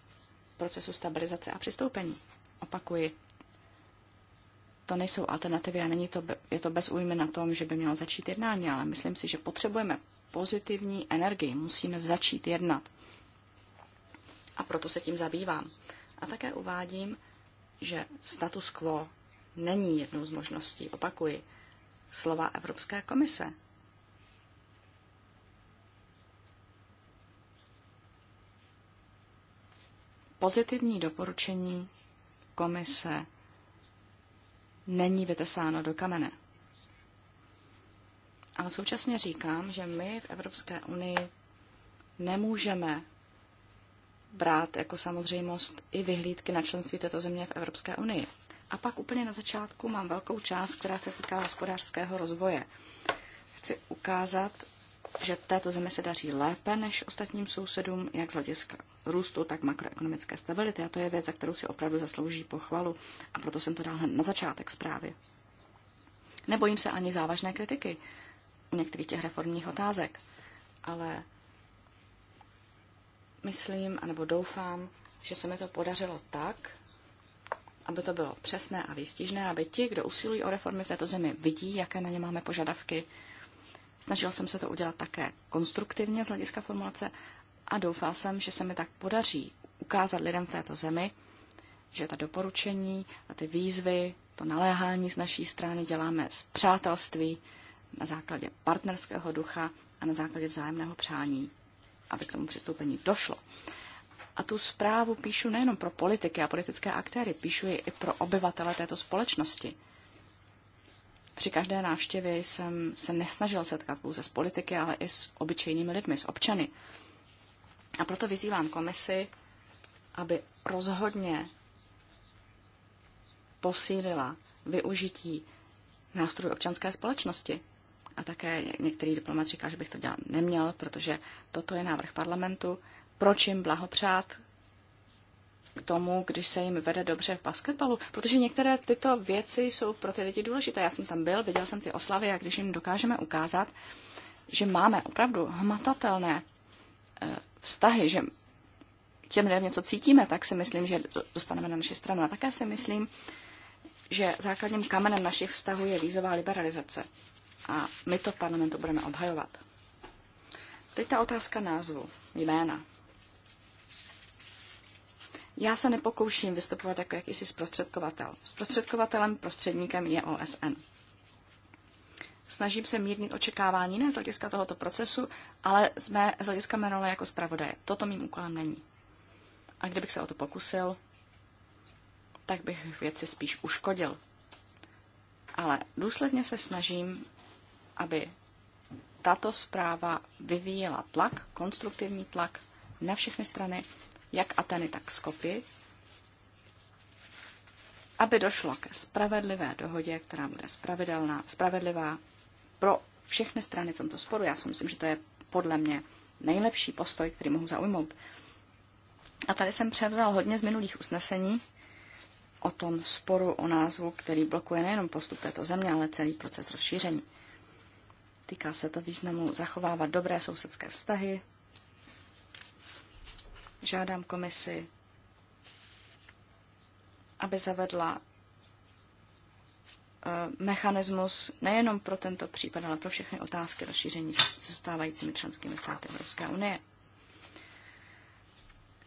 procesu stabilizace a přistoupení. Opakuji, to nejsou alternativy a není to, je to bez újmy na tom, že by mělo začít jednání, ale myslím si, že potřebujeme pozitivní energii. Musíme začít jednat. A proto se tím zabývám. A také uvádím, že status quo není jednou z možností. Opakuji, slova Evropské komise. Pozitivní doporučení komise není vytesáno do kamene. Ale současně říkám, že my v Evropské unii nemůžeme brát jako samozřejmost i vyhlídky na členství této země v Evropské unii. A pak úplně na začátku mám velkou část, která se týká hospodářského rozvoje. Chci ukázat, že této zemi se daří lépe než ostatním sousedům, jak z hlediska růstu, tak makroekonomické stability. A to je věc, za kterou si opravdu zaslouží pochvalu. A proto jsem to dal hned na začátek zprávy. Nebojím se ani závažné kritiky, některých těch reformních otázek, ale myslím, anebo doufám, že se mi to podařilo tak, aby to bylo přesné a výstižné, aby ti, kdo usilují o reformy v této zemi, vidí, jaké na ně máme požadavky. Snažil jsem se to udělat také konstruktivně z hlediska formulace a doufal jsem, že se mi tak podaří ukázat lidem v této zemi, že ta doporučení a ty výzvy, to naléhání z naší strany děláme z přátelství, na základě partnerského ducha a na základě vzájemného přání, aby k tomu přistoupení došlo. A tu zprávu píšu nejenom pro politiky a politické aktéry, píšu ji i pro obyvatele této společnosti. Při každé návštěvě jsem se nesnažil setkat pouze s politiky, ale i s obyčejnými lidmi, s občany. A proto vyzývám komisi, aby rozhodně posílila využití nástrojů občanské společnosti. A také některý diplomat říká, že bych to dělat neměl, protože toto je návrh parlamentu. Proč jim blahopřát k tomu, když se jim vede dobře v basketbalu? Protože některé tyto věci jsou pro ty lidi důležité. Já jsem tam byl, viděl jsem ty oslavy a když jim dokážeme ukázat, že máme opravdu hmatatelné eh, vztahy, že těm lidem něco cítíme, tak si myslím, že dostaneme na naši stranu. A také si myslím, že základním kamenem našich vztahů je vízová liberalizace a my to v parlamentu budeme obhajovat. Teď ta otázka názvu, jména. Já se nepokouším vystupovat jako jakýsi zprostředkovatel. Zprostředkovatelem, prostředníkem je OSN. Snažím se mírnit očekávání ne z hlediska tohoto procesu, ale z, mé, z hlediska mé role jako zpravodaje. Toto mým úkolem není. A kdybych se o to pokusil, tak bych věci spíš uškodil. Ale důsledně se snažím aby tato zpráva vyvíjela tlak, konstruktivní tlak na všechny strany, jak Ateny, tak Skopy, aby došlo ke spravedlivé dohodě, která bude spravedlná, spravedlivá pro všechny strany v tomto sporu. Já si myslím, že to je podle mě nejlepší postoj, který mohu zaujmout. A tady jsem převzal hodně z minulých usnesení o tom sporu o názvu, který blokuje nejenom postup této země, ale celý proces rozšíření. Týká se to významu zachovávat dobré sousedské vztahy. Žádám komisi, aby zavedla eh, mechanismus nejenom pro tento případ, ale pro všechny otázky rozšíření se stávajícími členskými státy Evropské unie.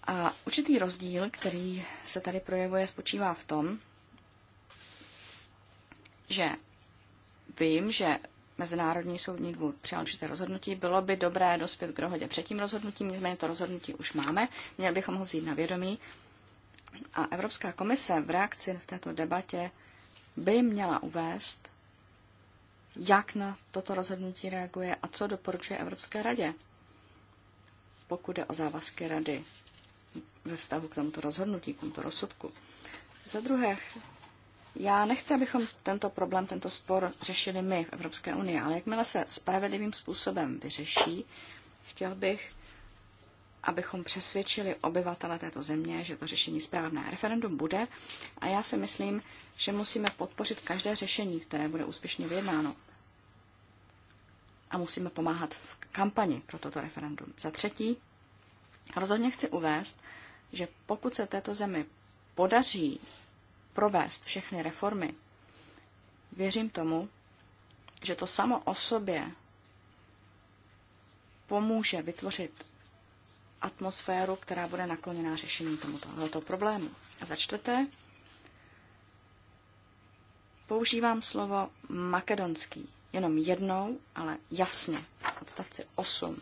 A určitý rozdíl, který se tady projevuje, spočívá v tom, že vím, že Mezinárodní soudní dvůr přijal určité rozhodnutí. Bylo by dobré dospět k dohodě před tím rozhodnutím, nicméně to rozhodnutí už máme, měli bychom ho vzít na vědomí. A Evropská komise v reakci v této debatě by měla uvést, jak na toto rozhodnutí reaguje a co doporučuje Evropské radě, pokud jde o závazky rady ve vztahu k tomuto rozhodnutí, k tomuto rozsudku. Za druhé, já nechci, abychom tento problém, tento spor řešili my v Evropské unii, ale jakmile se spravedlivým způsobem vyřeší, chtěl bych, abychom přesvědčili obyvatele této země, že to řešení správné referendum bude. A já si myslím, že musíme podpořit každé řešení, které bude úspěšně vyjednáno. A musíme pomáhat v kampani pro toto referendum. Za třetí, rozhodně chci uvést, že pokud se této zemi podaří provést všechny reformy, věřím tomu, že to samo o sobě pomůže vytvořit atmosféru, která bude nakloněná řešení tomuto problému. A za čtvrté, používám slovo makedonský jenom jednou, ale jasně, odstavci 8.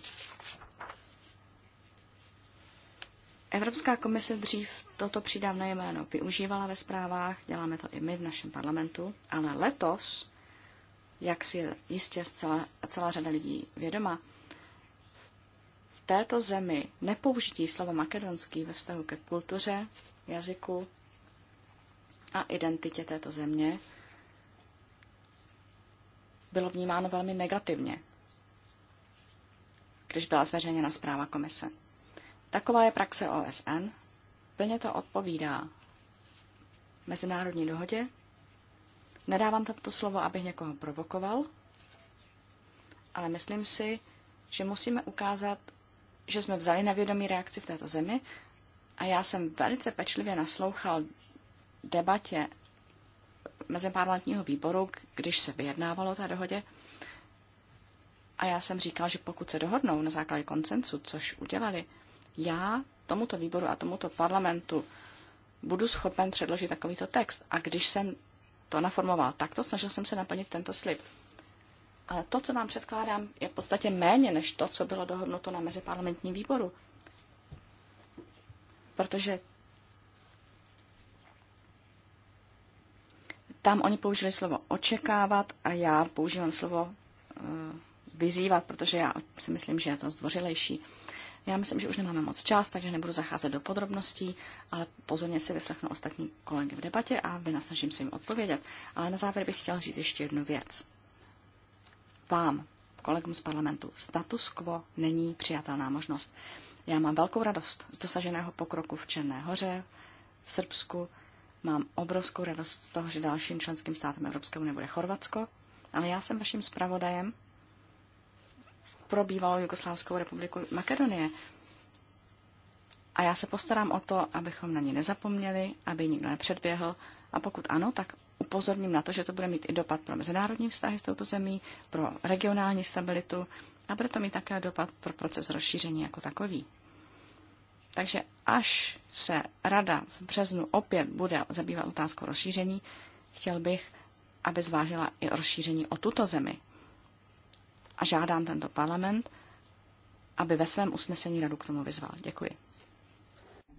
Evropská komise dřív toto přídavné jméno využívala ve zprávách, děláme to i my v našem parlamentu, ale letos, jak si je jistě celá, celá řada lidí vědoma, v této zemi nepoužití slova makedonský ve vztahu ke kultuře, jazyku a identitě této země bylo vnímáno velmi negativně, když byla zveřejněna zpráva komise. Taková je praxe OSN Plně to odpovídá mezinárodní dohodě. Nedávám tam to slovo, abych někoho provokoval, ale myslím si, že musíme ukázat, že jsme vzali na vědomí reakci v této zemi a já jsem velice pečlivě naslouchal debatě meziparlamentního výboru, když se vyjednávalo o té dohodě. A já jsem říkal, že pokud se dohodnou na základě koncensu, což udělali, já tomuto výboru a tomuto parlamentu budu schopen předložit takovýto text. A když jsem to naformoval takto, snažil jsem se naplnit tento slib. Ale to, co vám předkládám, je v podstatě méně než to, co bylo dohodnuto na meziparlamentním výboru. Protože tam oni použili slovo očekávat a já používám slovo eh, vyzývat, protože já si myslím, že je to zdvořilejší. Já myslím, že už nemáme moc čas, takže nebudu zacházet do podrobností, ale pozorně si vyslechnu ostatní kolegy v debatě a vynasnažím se jim odpovědět. Ale na závěr bych chtěl říct ještě jednu věc. Vám, kolegům z parlamentu, status quo není přijatelná možnost. Já mám velkou radost z dosaženého pokroku v Černé hoře, v Srbsku. Mám obrovskou radost z toho, že dalším členským státem Evropské unie bude Chorvatsko, ale já jsem vaším zpravodajem pro bývalou Jugoslávskou republiku Makedonie. A já se postarám o to, abychom na ní nezapomněli, aby nikdo nepředběhl. A pokud ano, tak upozorním na to, že to bude mít i dopad pro mezinárodní vztahy s touto zemí, pro regionální stabilitu a bude to mít také dopad pro proces rozšíření jako takový. Takže až se rada v březnu opět bude zabývat otázkou rozšíření, chtěl bych, aby zvážila i rozšíření o tuto zemi a žádám tento parlament, aby ve svém usnesení radu k tomu vyzval. Děkuji.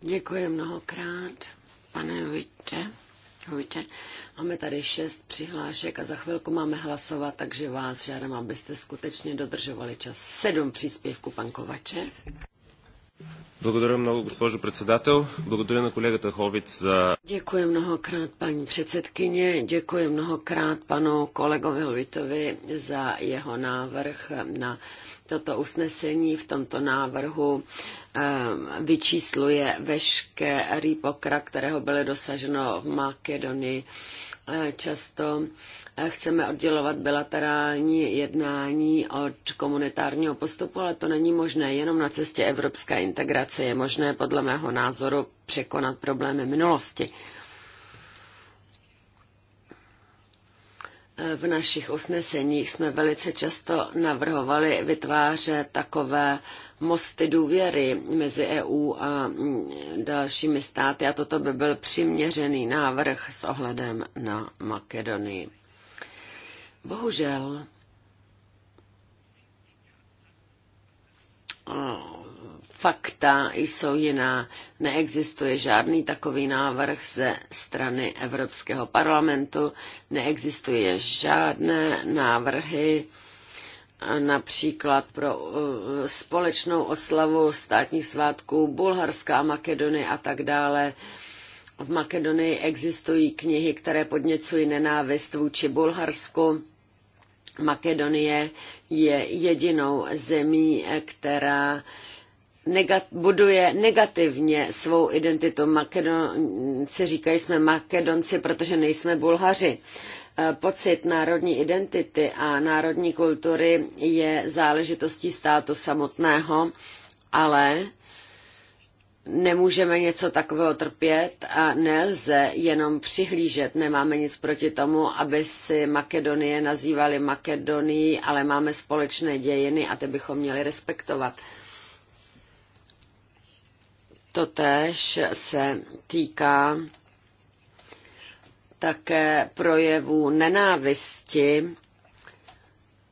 Děkuji mnohokrát, pane Vítě. Hojče. Máme tady šest přihlášek a za chvilku máme hlasovat, takže vás žádám, abyste skutečně dodržovali čas. Sedm příspěvků, pan Kovaček. Благодаря много, госпожо председател. Благодаря на колегата Ховиц Děkuji mnohokrát paní předsedkyně, děkuji mnohokrát panu kolegovi Hovitovi za jeho návrh na toto usnesení v tomto návrhu eh, vyčísluje veškerý pokrak, kterého bylo dosaženo v Makedonii. Eh, často chceme oddělovat bilaterální jednání od komunitárního postupu, ale to není možné. Jenom na cestě evropské integrace je možné, podle mého názoru, překonat problémy minulosti. V našich usneseních jsme velice často navrhovali vytvářet takové mosty důvěry mezi EU a dalšími státy a toto by byl přiměřený návrh s ohledem na Makedonii. Bohužel, fakta jsou jiná. Neexistuje žádný takový návrh ze strany Evropského parlamentu, neexistuje žádné návrhy například pro uh, společnou oslavu státních svátků Bulharská Makedonie a tak dále. V Makedonii existují knihy, které podněcují nenávist vůči Bulharsku Makedonie je jedinou zemí, která negat, buduje negativně svou identitu. Makedonci říkají, jsme Makedonci, protože nejsme Bulhaři. E, pocit národní identity a národní kultury je záležitostí státu samotného, ale nemůžeme něco takového trpět a nelze jenom přihlížet. Nemáme nic proti tomu, aby si Makedonie nazývali Makedonii, ale máme společné dějiny a ty bychom měli respektovat. Totéž se týká také projevů nenávisti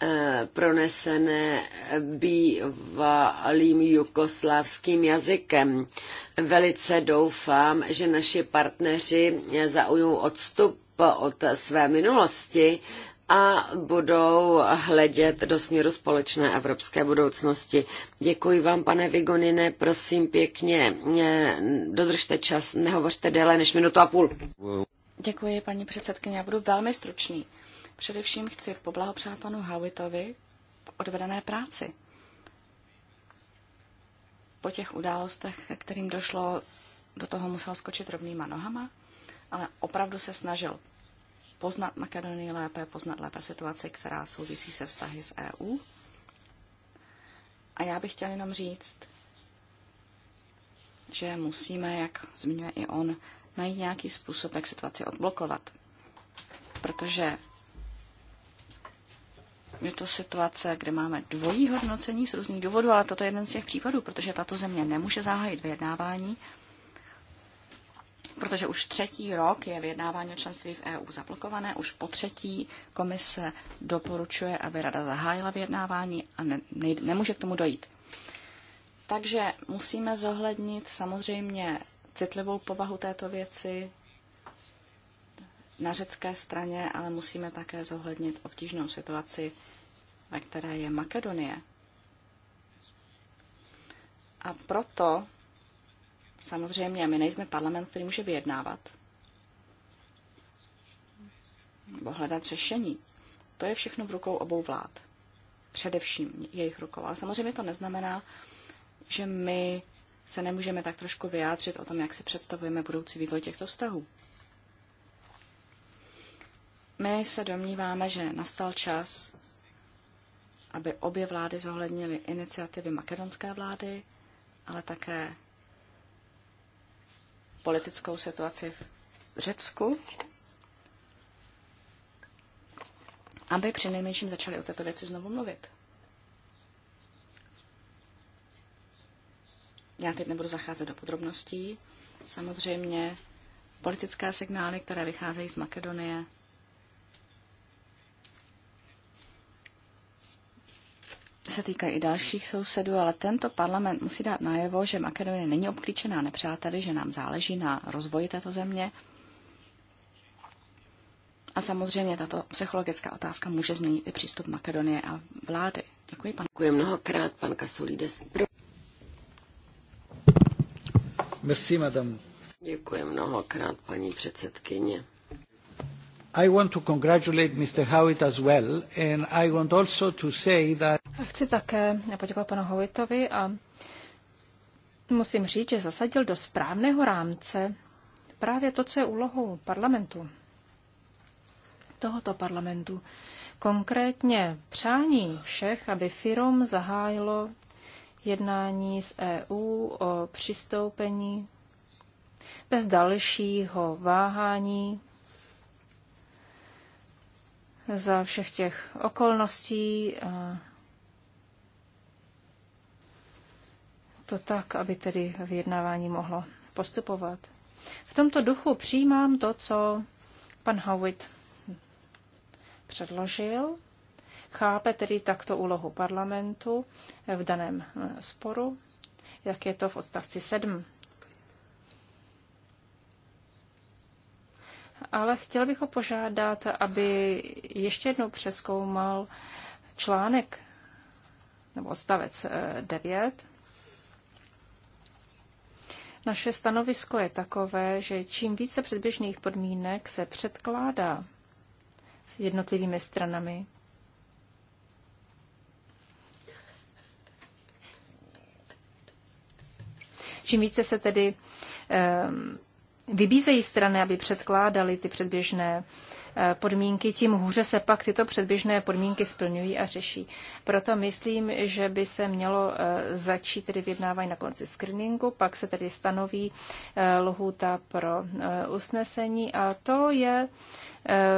Eh, pronesené bývalým jugoslávským jazykem. Velice doufám, že naši partneři zaujmou odstup od své minulosti a budou hledět do směru společné evropské budoucnosti. Děkuji vám, pane Vigonine, prosím pěkně, eh, dodržte čas, nehovořte déle než minutu a půl. Děkuji, paní předsedkyně, já budu velmi stručný. Především chci poblahopřát panu Howitovi k odvedené práci. Po těch událostech, kterým došlo, do toho musel skočit rovnýma nohama, ale opravdu se snažil poznat Makedonii lépe, poznat lépe situaci, která souvisí se vztahy s EU. A já bych chtěl jenom říct, že musíme, jak zmiňuje i on, najít nějaký způsob, jak situaci odblokovat. Protože je to situace, kde máme dvojí hodnocení z různých důvodů, ale toto je jeden z těch případů, protože tato země nemůže zahájit vyjednávání, protože už třetí rok je vyjednávání o členství v EU zablokované, už po třetí komise doporučuje, aby rada zahájila vyjednávání a ne, ne, nemůže k tomu dojít. Takže musíme zohlednit samozřejmě citlivou povahu této věci, na řecké straně, ale musíme také zohlednit obtížnou situaci, ve které je Makedonie. A proto samozřejmě my nejsme parlament, který může vyjednávat nebo hledat řešení. To je všechno v rukou obou vlád. Především jejich rukou. Ale samozřejmě to neznamená, že my se nemůžeme tak trošku vyjádřit o tom, jak si představujeme budoucí vývoj těchto vztahů. My se domníváme, že nastal čas, aby obě vlády zohlednily iniciativy makedonské vlády, ale také politickou situaci v Řecku, aby při nejmenším začali o této věci znovu mluvit. Já teď nebudu zacházet do podrobností. Samozřejmě politické signály, které vycházejí z Makedonie, se týkají i dalších sousedů, ale tento parlament musí dát najevo, že Makedonie není obklíčená nepřáteli, že nám záleží na rozvoji této země. A samozřejmě tato psychologická otázka může změnit i přístup Makedonie a vlády. Děkuji, pan. Děkuji mnohokrát, pan Pro... Merci, madame. Děkuji mnohokrát, paní předsedkyně. I want to congratulate Mr. Howitt as well, and I want also to say that Chci také poděkovat panu Hovitovi a musím říct, že zasadil do správného rámce právě to, co je úlohou parlamentu, tohoto parlamentu, konkrétně přání všech, aby firm zahájilo jednání s EU o přistoupení bez dalšího váhání za všech těch okolností a to tak, aby tedy vyjednávání mohlo postupovat. V tomto duchu přijímám to, co pan Howitt předložil. Chápe tedy takto úlohu parlamentu v daném eh, sporu, jak je to v odstavci 7. Ale chtěl bych ho požádat, aby ještě jednou přeskoumal článek nebo odstavec 9 eh, naše stanovisko je takové, že čím více předběžných podmínek se předkládá s jednotlivými stranami, čím více se tedy um, vybízejí strany, aby předkládali ty předběžné Eh, podmínky, tím hůře se pak tyto předběžné podmínky splňují a řeší. Proto myslím, že by se mělo eh, začít tedy vyjednávání na konci screeningu, pak se tedy stanoví eh, lhůta pro usnesení a to je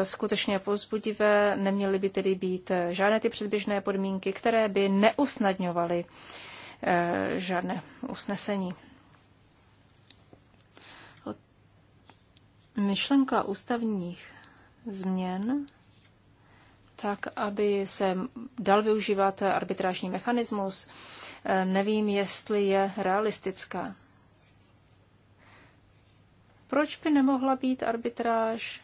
skutečně povzbudivé. Neměly by tedy být žádné ty předběžné podmínky, které by neusnadňovaly žádné usnesení. Myšlenka ústavních změn, tak aby se dal využívat arbitrážní mechanismus, nevím, jestli je realistická. Proč by nemohla být arbitráž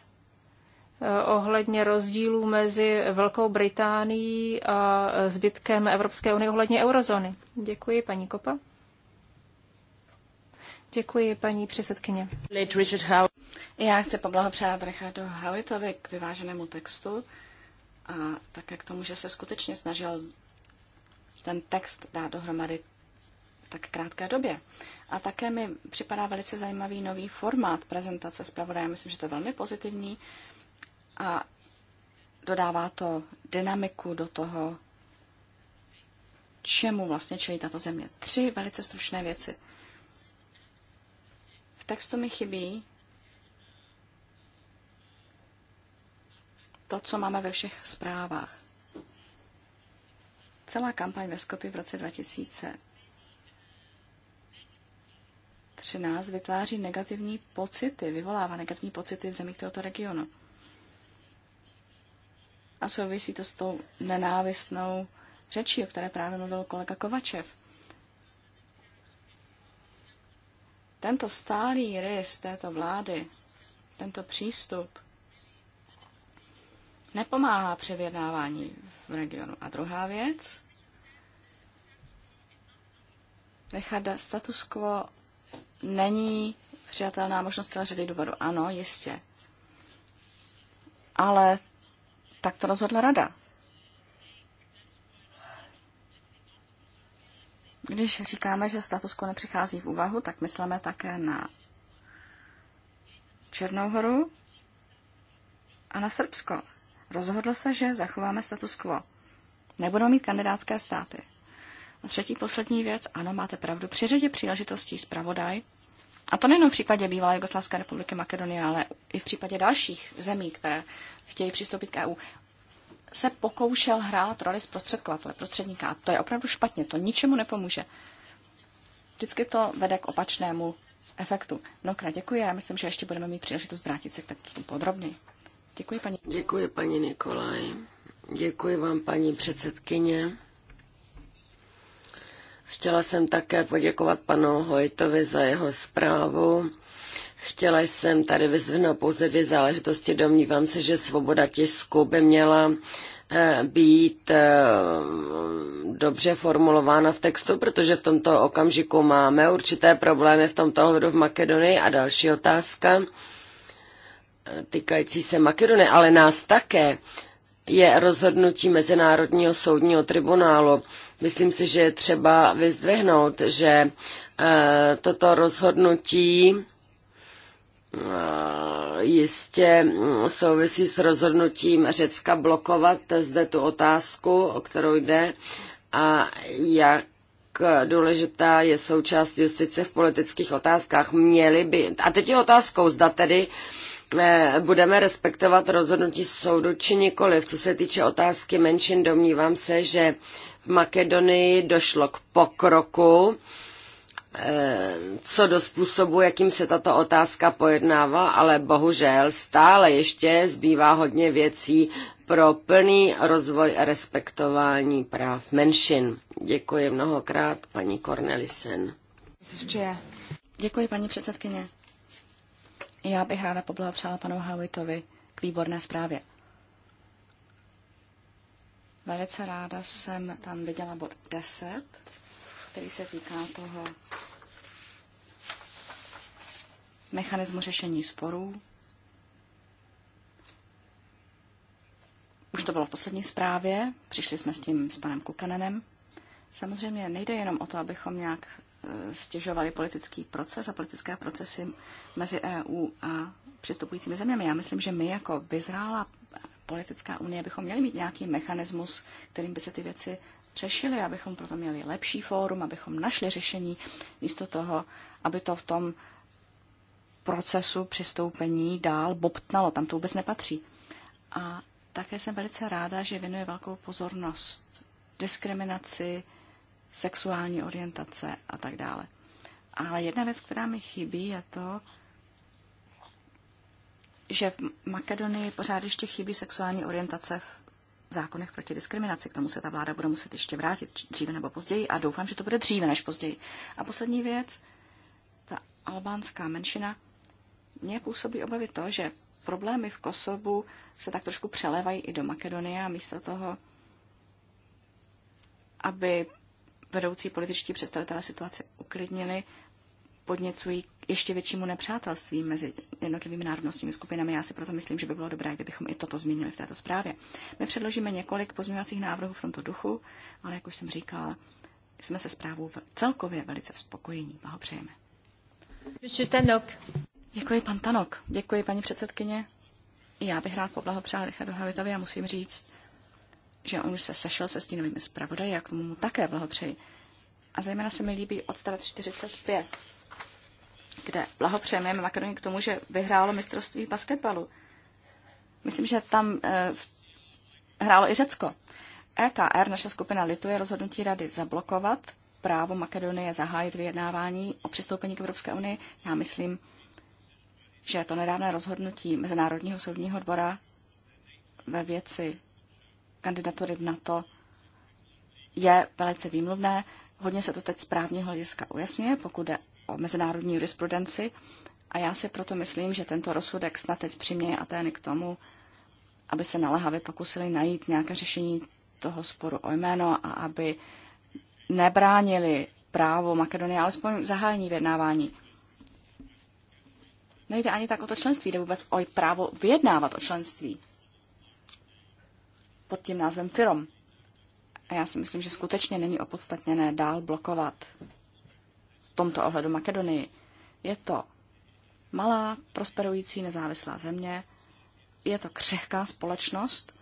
eh, ohledně rozdílů mezi Velkou Británií a zbytkem Evropské unie ohledně eurozóny? Děkuji, paní Kopa. Děkuji, paní předsedkyně. Já chci poblahopřát Richardu Howitovi k vyváženému textu a také k tomu, že se skutečně snažil ten text dát dohromady v tak krátké době. A také mi připadá velice zajímavý nový formát prezentace zpravodaje. Myslím, že to je velmi pozitivní a dodává to dynamiku do toho, čemu vlastně čelí tato země. Tři velice stručné věci – textu mi chybí to, co máme ve všech zprávách. Celá kampaň ve Skopi v roce 2013 vytváří negativní pocity, vyvolává negativní pocity v zemích tohoto regionu. A souvisí to s tou nenávistnou řečí, o které právě mluvil kolega Kovačev. Tento stálý rys této vlády, tento přístup, nepomáhá při vyjednávání v regionu. A druhá věc, nechat status quo není přijatelná možnost celé řady důvodů. Ano, jistě. Ale tak to rozhodla rada. Když říkáme, že status quo nepřichází v úvahu, tak myslíme také na Černou horu a na Srbsko. Rozhodlo se, že zachováme status quo. Nebudou mít kandidátské státy. A třetí poslední věc, ano, máte pravdu, při řadě příležitostí zpravodaj, a to nejen v případě bývalé Jugoslávské republiky Makedonie, ale i v případě dalších zemí, které chtějí přistoupit k EU, se pokoušel hrát roli zprostředkovatele, prostředníka. To je opravdu špatně, to ničemu nepomůže. Vždycky to vede k opačnému efektu. No, krát. děkuji já myslím, že ještě budeme mít příležitost vrátit se k tomu podrobněji. Děkuji, paní. Děkuji, paní Nikolaj. Děkuji vám, paní předsedkyně. Chtěla jsem také poděkovat panu Hojtovi za jeho zprávu Chtěla jsem tady vyzvednout pouze dvě záležitosti. Domnívám se, že svoboda tisku by měla eh, být eh, dobře formulována v textu, protože v tomto okamžiku máme určité problémy v tomto ohledu v Makedonii. A další otázka eh, týkající se Makedonie, ale nás také je rozhodnutí Mezinárodního soudního tribunálu. Myslím si, že je třeba vyzdvihnout, že toto rozhodnutí Eh, jistě souvisí s rozhodnutím Řecka blokovat zde tu otázku, o kterou jde, a jak důležitá je součást justice v politických otázkách. měli by, a teď je otázkou, zda tedy eh, budeme respektovat rozhodnutí soudu či nikoliv. Co se týče otázky menšin, domnívám se, že v Makedonii došlo k pokroku co do způsobu, jakým se tato otázka pojednává, ale bohužel stále ještě zbývá hodně věcí pro plný rozvoj a respektování práv menšin. Děkuji mnohokrát, paní Cornelisen. Děkuji, paní předsedkyně. Já bych ráda poblahopřála panu Hawitovi k výborné zprávě. Velice ráda jsem tam viděla bod 10, který se týká toho mechanismu řešení sporů. Už to bylo v poslední zprávě, přišli jsme s tím s panem Kukanenem. Samozřejmě nejde jenom o to, abychom nějak e, stěžovali politický proces a politické procesy mezi EU a přistupujícími zeměmi. Já myslím, že my jako vyzrála politická unie bychom měli mít nějaký mechanismus, kterým by se ty věci řešili, abychom proto měli lepší fórum, abychom našli řešení, místo toho, aby to v tom procesu přistoupení dál bobtnalo, tam to vůbec nepatří. A také jsem velice ráda, že věnuje velkou pozornost diskriminaci, sexuální orientace a tak dále. Ale jedna věc, která mi chybí, je to, že v Makedonii pořád ještě chybí sexuální orientace zákonech proti diskriminaci. K tomu se ta vláda bude muset ještě vrátit dříve nebo později a doufám, že to bude dříve než později. A poslední věc, ta albánská menšina, mě působí obavy to, že problémy v Kosovu se tak trošku přelevají i do Makedonie a místo toho, aby vedoucí političtí představitelé situaci uklidnili, podněcují k ještě většímu nepřátelství mezi jednotlivými národnostními skupinami. Já si proto myslím, že by bylo dobré, kdybychom i toto změnili v této zprávě. My předložíme několik pozměňovacích návrhů v tomto duchu, ale jak už jsem říkala, jsme se zprávou celkově velice spokojení. Blahopřejeme. Tanok. Děkuji, pan Tanok. Děkuji, paní předsedkyně. Já bych rád poblahopřál Richardu Havitovi a musím říct, že on už se sešel se stínovými zpravodaji a k tomu mu také blahopřeji. A zejména se mi líbí odstavec 45 kde blahopřejeme Makedonii k tomu, že vyhrálo mistrovství basketbalu. Myslím, že tam eh, hrálo i Řecko. EKR, naše skupina lituje rozhodnutí rady zablokovat právo Makedonie zahájit vyjednávání o přistoupení k Evropské unii. Já myslím, že to nedávné rozhodnutí Mezinárodního soudního dvora ve věci kandidatury v NATO je velice výmluvné. Hodně se to teď z právního hlediska ujasňuje, pokud jde o mezinárodní jurisprudenci a já si proto myslím, že tento rozsudek snad teď přiměje Atény k tomu, aby se naléhavě pokusili najít nějaké řešení toho sporu o jméno a aby nebránili právo Makedonie, alespoň zahájení vyjednávání. Nejde ani tak o to členství, jde vůbec o právo vyjednávat o členství pod tím názvem FIROM. A já si myslím, že skutečně není opodstatněné dál blokovat tomto ohledu Makedonii. Je to malá, prosperující, nezávislá země, je to křehká společnost,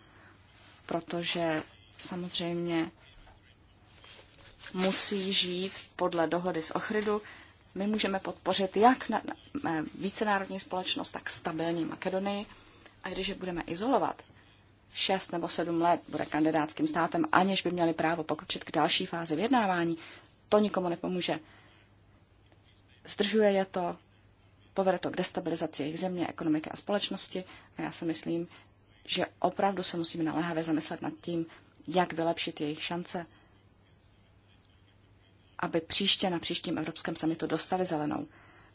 protože samozřejmě musí žít podle dohody z Ochrydu. My můžeme podpořit jak na, na, vícenárodní společnost, tak stabilní Makedonii. A když je budeme izolovat, 6 nebo 7 let bude kandidátským státem, aniž by měli právo pokročit k další fázi vyjednávání, to nikomu nepomůže zdržuje je to, povede to k destabilizaci jejich země, ekonomiky a společnosti a já si myslím, že opravdu se musíme naléhavě zamyslet nad tím, jak vylepšit jejich šance, aby příště na příštím Evropském samitu dostali zelenou.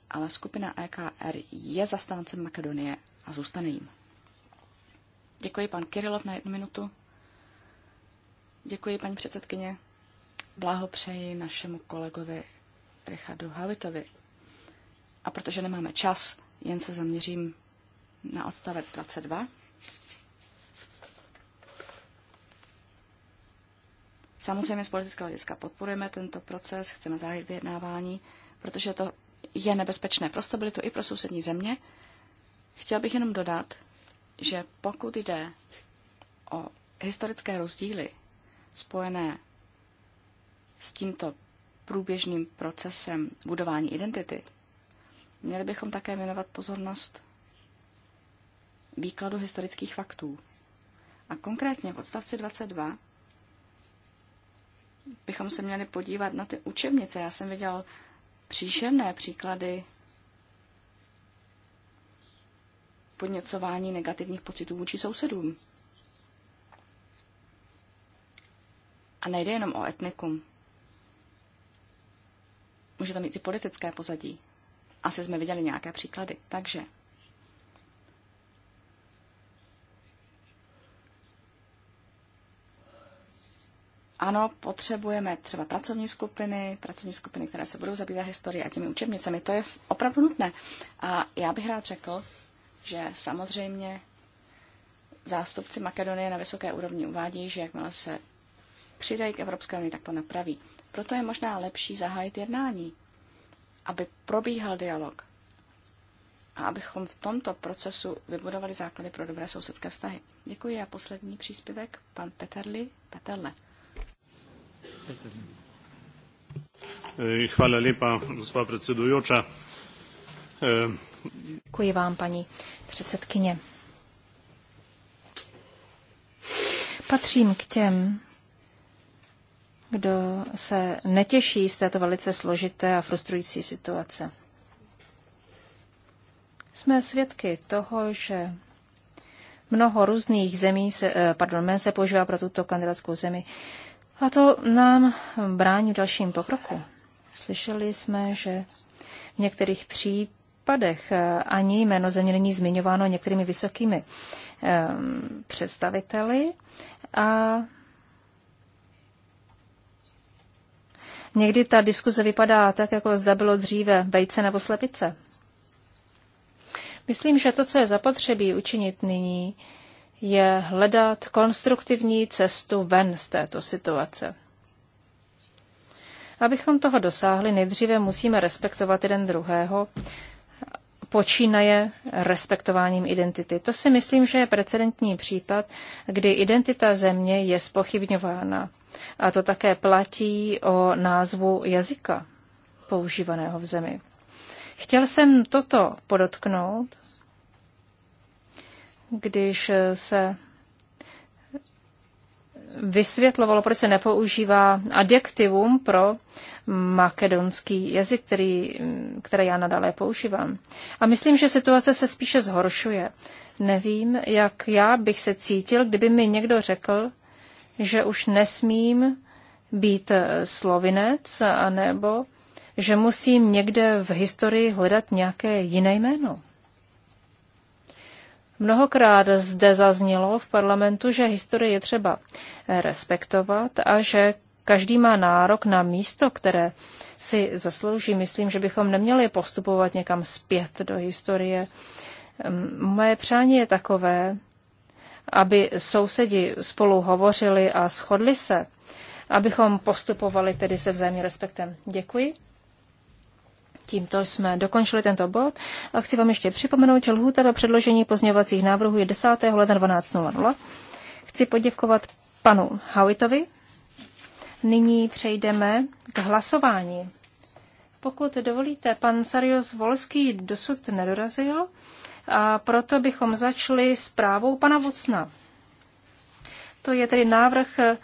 Ale skupina EKR je zastáncem Makedonie a zůstane jim. Děkuji pan Kirilov na jednu minutu. Děkuji paní předsedkyně. Blahopřeji našemu kolegovi Richardu Havitovi a protože nemáme čas, jen se zaměřím na odstavec 22. Samozřejmě z politického hlediska podporujeme tento proces, chceme zahájit vyjednávání, protože to je nebezpečné pro stabilitu i pro sousední země. Chtěl bych jenom dodat, že pokud jde o historické rozdíly spojené s tímto průběžným procesem budování identity, Měli bychom také věnovat pozornost výkladu historických faktů. A konkrétně v odstavci 22 bychom se měli podívat na ty učebnice. Já jsem viděl příšerné příklady podněcování negativních pocitů vůči sousedům. A nejde jenom o etnikum. Může to mít i politické pozadí. Asi jsme viděli nějaké příklady. Takže ano, potřebujeme třeba pracovní skupiny, pracovní skupiny, které se budou zabývat historií a těmi učebnicemi. To je opravdu nutné. A já bych rád řekl, že samozřejmě zástupci Makedonie na vysoké úrovni uvádí, že jakmile se přidají k Evropské unii, tak to napraví. Proto je možná lepší zahájit jednání aby probíhal dialog a abychom v tomto procesu vybudovali základy pro dobré sousedské vztahy. Děkuji a poslední příspěvek, pan Peterli, Peterle. Chvala eh, lepa, gospa predsedujoča. Eh, Děkuji vám, paní předsedkyně. Patřím k těm, kdo se netěší z této velice složité a frustrující situace. Jsme svědky toho, že mnoho různých zemí, se, eh, pardon, men se používá pro tuto kandidátskou zemi. A to nám brání v dalším pokroku. Slyšeli jsme, že v některých případech eh, ani jméno země není zmiňováno některými vysokými um, představiteli a Někdy ta diskuze vypadá tak, jako zda bylo dříve vejce nebo slepice. Myslím, že to, co je zapotřebí učinit nyní, je hledat konstruktivní cestu ven z této situace. Abychom toho dosáhli, nejdříve musíme respektovat jeden druhého, počínaje respektováním identity. To si myslím, že je precedentní případ, kdy identita země je spochybňována. A to také platí o názvu jazyka používaného v zemi. Chtěl jsem toto podotknout, když se vysvětlovalo, proč se nepoužívá adjektivum pro makedonský jazyk, který, které já nadále používám. A myslím, že situace se spíše zhoršuje. Nevím, jak já bych se cítil, kdyby mi někdo řekl, že už nesmím být eh, slovinec, anebo že musím někde v historii hledat nějaké jiné jméno. Mnohokrát zde zaznělo v parlamentu, že historii je třeba eh, respektovat a že každý má nárok na místo, které si zaslouží. Myslím, že bychom neměli postupovat někam zpět do historie. Ehm, moje přání je takové, aby sousedi spolu hovořili a shodli se, abychom postupovali tedy se vzájemným respektem. Děkuji. Tímto jsme dokončili tento bod a chci vám ještě připomenout, že lhůta do předložení pozměňovacích návrhů je 10. ledna 12.00. Chci poděkovat panu Hawitovi. Nyní přejdeme k hlasování. Pokud dovolíte, pan Sarius Volský dosud nedorazil. A proto bychom začali právou pana Vocna. To je tedy návrh eh,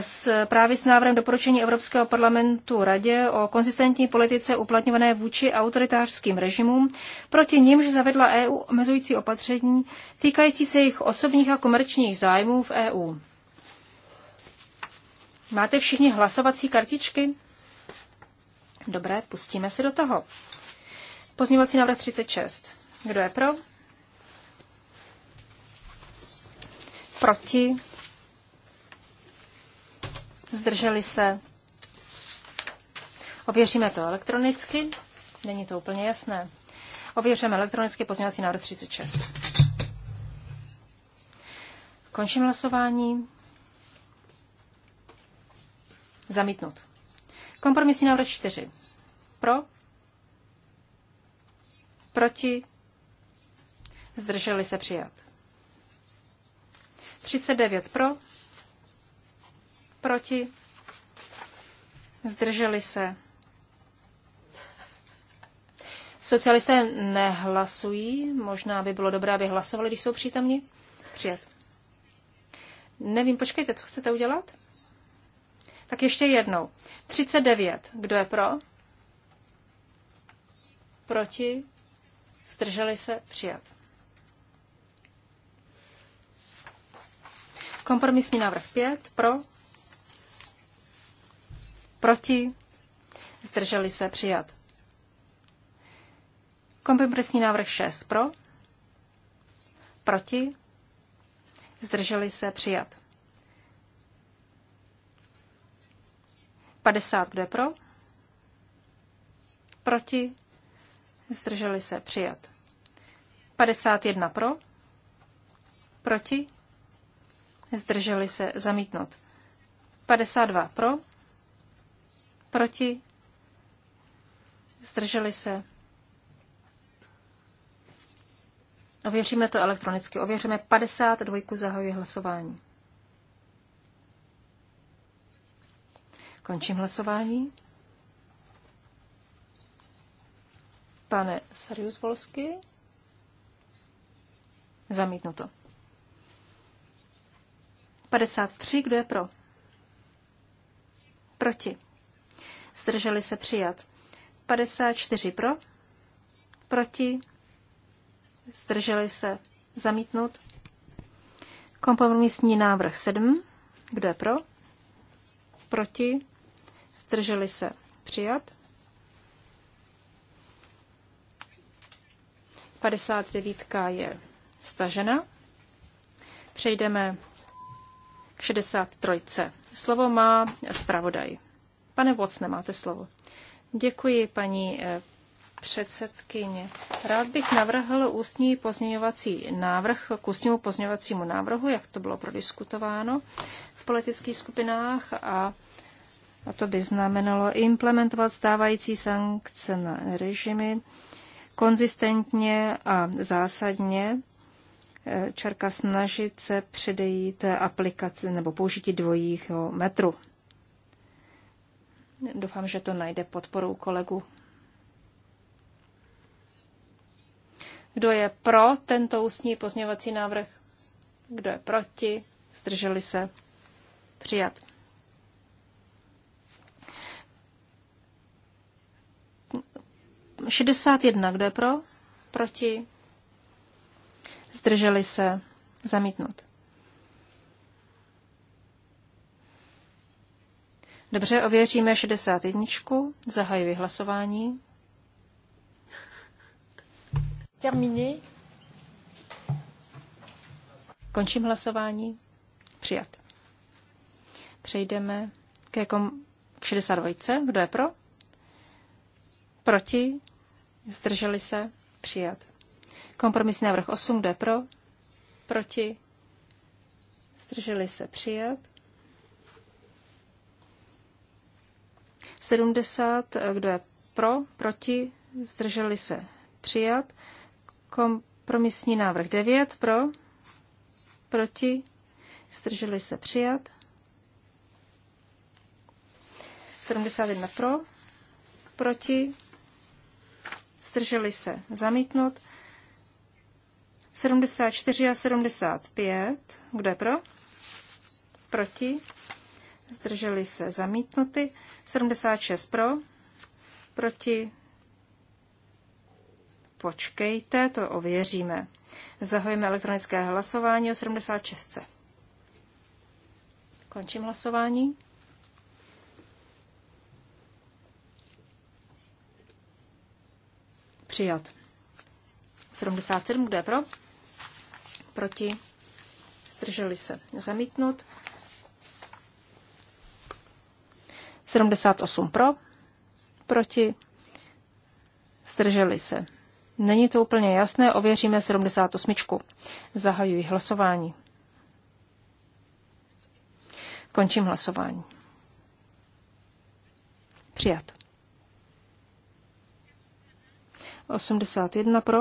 s, právě s návrhem doporučení Evropského parlamentu Radě o konzistentní politice uplatňované vůči autoritářským režimům, proti nímž zavedla EU omezující opatření týkající se jejich osobních a komerčních zájmů v EU. Máte všichni hlasovací kartičky? Dobré, pustíme se do toho. Pozměňovací návrh 36. Kdo je pro? Proti? Zdrželi se? Ověříme to elektronicky. Není to úplně jasné. Ověříme elektronicky pozměňovací návrh 36. Končím hlasování. Zamítnut. Kompromisní návrh 4. Pro? Proti? zdrželi se přijat. 39 pro, proti, zdrželi se. Socialisté nehlasují, možná by bylo dobré, aby hlasovali, když jsou přítomni. Přijat. Nevím, počkejte, co chcete udělat? Tak ještě jednou. 39. Kdo je pro? Proti? Zdrželi se? Přijat. Kompromisní návrh 5 pro, proti, zdrželi se přijat. Kompromisní návrh 6 pro, proti, zdrželi se přijat. 50 Kdo je pro, proti, zdrželi se přijat. 51 pro, proti, zdrželi se zamítnout. 52 pro, proti, zdrželi se. Ověříme to elektronicky. Ověříme 52. zahajuje hlasování. Končím hlasování. Pane Sarius Volsky. Zamítnuto. 53, kdo je pro? Proti. Zdrželi se přijat. 54 pro. Proti. Zdrželi se zamítnout. Kompromisní návrh 7. Kdo je pro? Proti. Zdrželi se přijat. 59 je stažena. Přejdeme 63. Slovo má zpravodaj. Pane Vocne, máte slovo. Děkuji, paní eh, předsedkyně. Rád bych navrhl ústní pozměňovací návrh k ústnímu pozměňovacímu návrhu, jak to bylo prodiskutováno v politických skupinách a a to by znamenalo implementovat stávající sankce na režimy konzistentně a zásadně čarka snažit se předejít aplikaci nebo použití dvojího metru. Doufám, že to najde podporu kolegu. Kdo je pro tento ústní pozměňovací návrh? Kdo je proti? Zdrželi se? Přijat. Šedesát jedna. Kdo je pro? Proti? zdrželi se, zamítnout. Dobře, ověříme 61. Zahajuji hlasování. Terminé. Končím hlasování. Přijat. Přejdeme k, kom- k 62. Kdo je pro? Proti? Zdrželi se? Přijat. Kompromis návrh 8, kdo je pro? Proti? Zdrželi se přijat. 70, kdo je pro? Proti? Zdrželi se přijat. Kompromisní návrh 9, pro? Proti? Zdrželi se přijat. 71 pro, proti, zdrželi se zamítnout. 74 a 75. Kdo je pro? Proti? Zdrželi se zamítnuty. 76 pro? Proti? Počkejte, to ověříme. Zahojíme elektronické hlasování o 76. Končím hlasování. Přijat. 77, kdo je pro? proti, zdrželi se zamítnut. 78 pro, proti, zdrželi se. Není to úplně jasné, ověříme 78. Zahajuji hlasování. Končím hlasování. Přijat. 81 pro,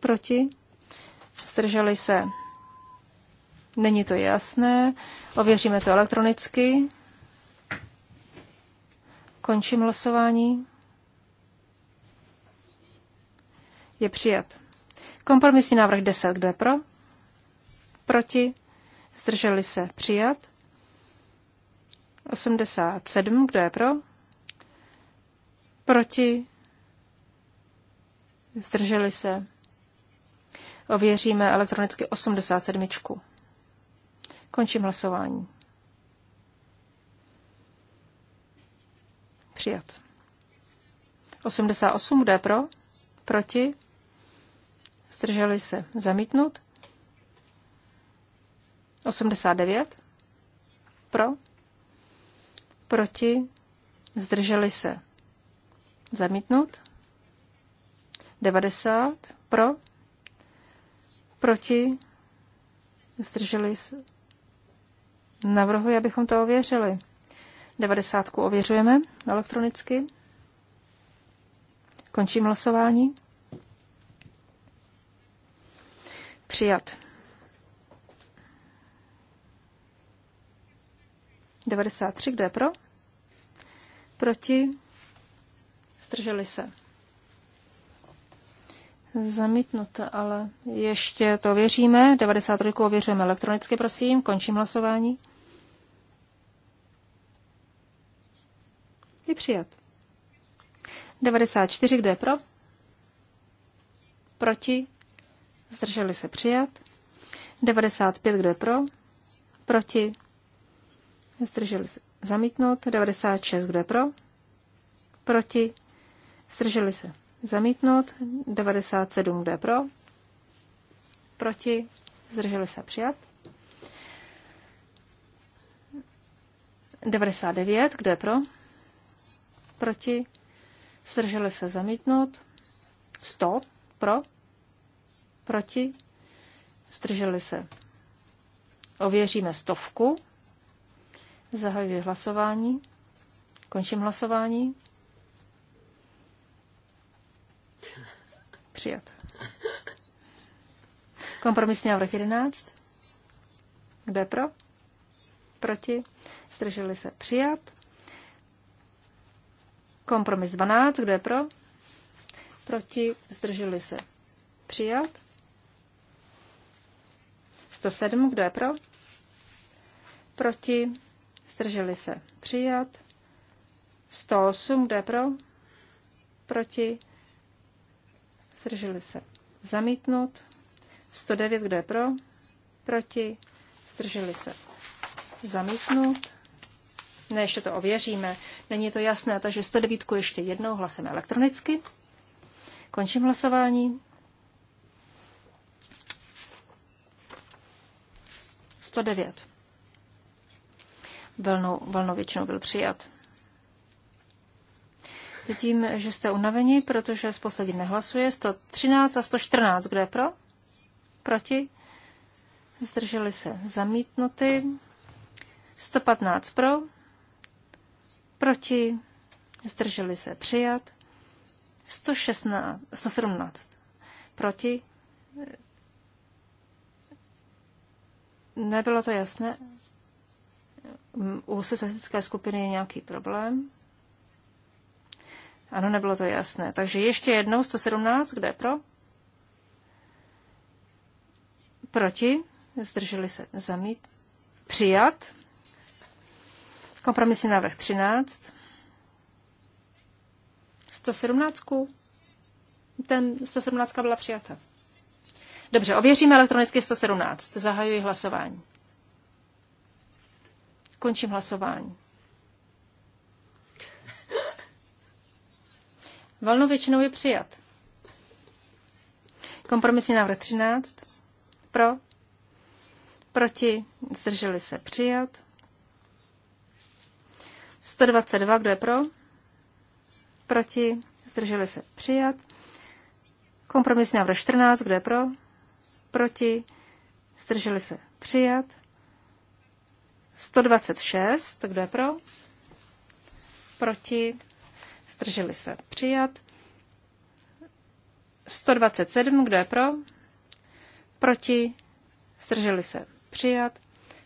proti, zdrželi se. Není to jasné, ověříme to elektronicky. Končím hlasování. Je přijat. Kompromisní návrh 10. Kdo je pro? Proti? Zdrželi se. Přijat. 87. Kdo je pro? Proti? Zdrželi se. Ověříme elektronicky 87. Končím hlasování. Přijat. 88 bude pro, proti, zdrželi se zamítnut. 89 pro, proti, zdrželi se zamítnut. 90 pro, Proti? Zdrželi se. Navrhuji, abychom to ověřili. 90 ověřujeme elektronicky. Končím hlasování. Přijat. 93, kdo je pro? Proti? Zdrželi se. Zamítnut, ale ještě to věříme. 93 ověřujeme elektronicky, prosím. Končím hlasování. Je přijat. 94, kdo je pro? Proti? Zdrželi se přijat. 95, kdo je pro? Proti? Zdrželi se zamítnout. 96, kdo je pro? Proti? Zdrželi se Zamítnout 97, kdo pro? Proti? Zdrželi se přijat. 99, kdo je pro? Proti? Zdrželi se zamítnout. 100, pro? Proti? Zdrželi se. Ověříme stovku. Zahajuji hlasování. Končím hlasování. přijat. Kompromisní návrh 11. Kdo je pro? Proti? Zdrželi se přijat. Kompromis 12. Kdo je pro? Proti? Zdrželi se přijat. 107. Kdo je pro? Proti? Zdrželi se přijat. 108. Kdo je pro? Proti? zdrželi se zamítnout. 109, kdo je pro, proti, zdrželi se zamítnout. Ne, ještě to ověříme, není to jasné, takže 109 ještě jednou hlasujeme elektronicky. Končím hlasování. 109. Vlnou, vlnou většinou byl přijat. Vidím, že jste unaveni, protože z poslední nehlasuje. 113 a 114, kdo je pro? Proti? Zdrželi se zamítnuty. 115 pro? Proti? Zdrželi se přijat. 116, 117 proti. Nebylo to jasné. U socialistické skupiny je nějaký problém. Ano, nebylo to jasné. Takže ještě jednou 117, kde pro? Proti? Zdrželi se zamít. Přijat. Kompromisní návrh 13. 117. Ten 117 byla přijata. Dobře, ověříme elektronicky 117. Zahajuji hlasování. Končím hlasování. Volnou většinou je přijat. Kompromisní návrh 13. Pro. Proti. Zdrželi se přijat. 122. Kdo je pro? Proti. Zdrželi se přijat. Kompromisní návrh 14. Kdo je pro? Proti. Zdrželi se přijat. 126. Kdo je pro? Proti zdrželi se přijat. 127, kdo je pro, proti, zdrželi se přijat.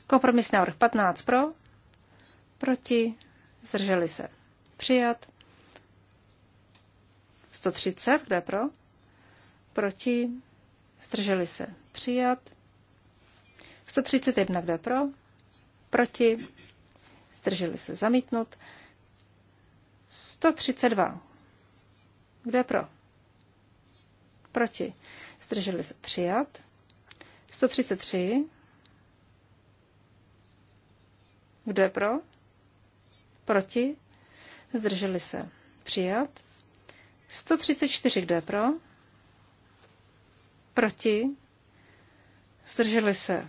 Kompromisní návrh 15 pro, proti, zdrželi se přijat. 130, kdo je pro, proti, zdrželi se přijat. 131, kdo je pro, proti, zdrželi se zamítnut. 132. Kdo je pro? Proti. Zdrželi se přijat. 133. Kdo je pro? Proti. Zdrželi se přijat. 134. Kdo je pro? Proti. Zdrželi se.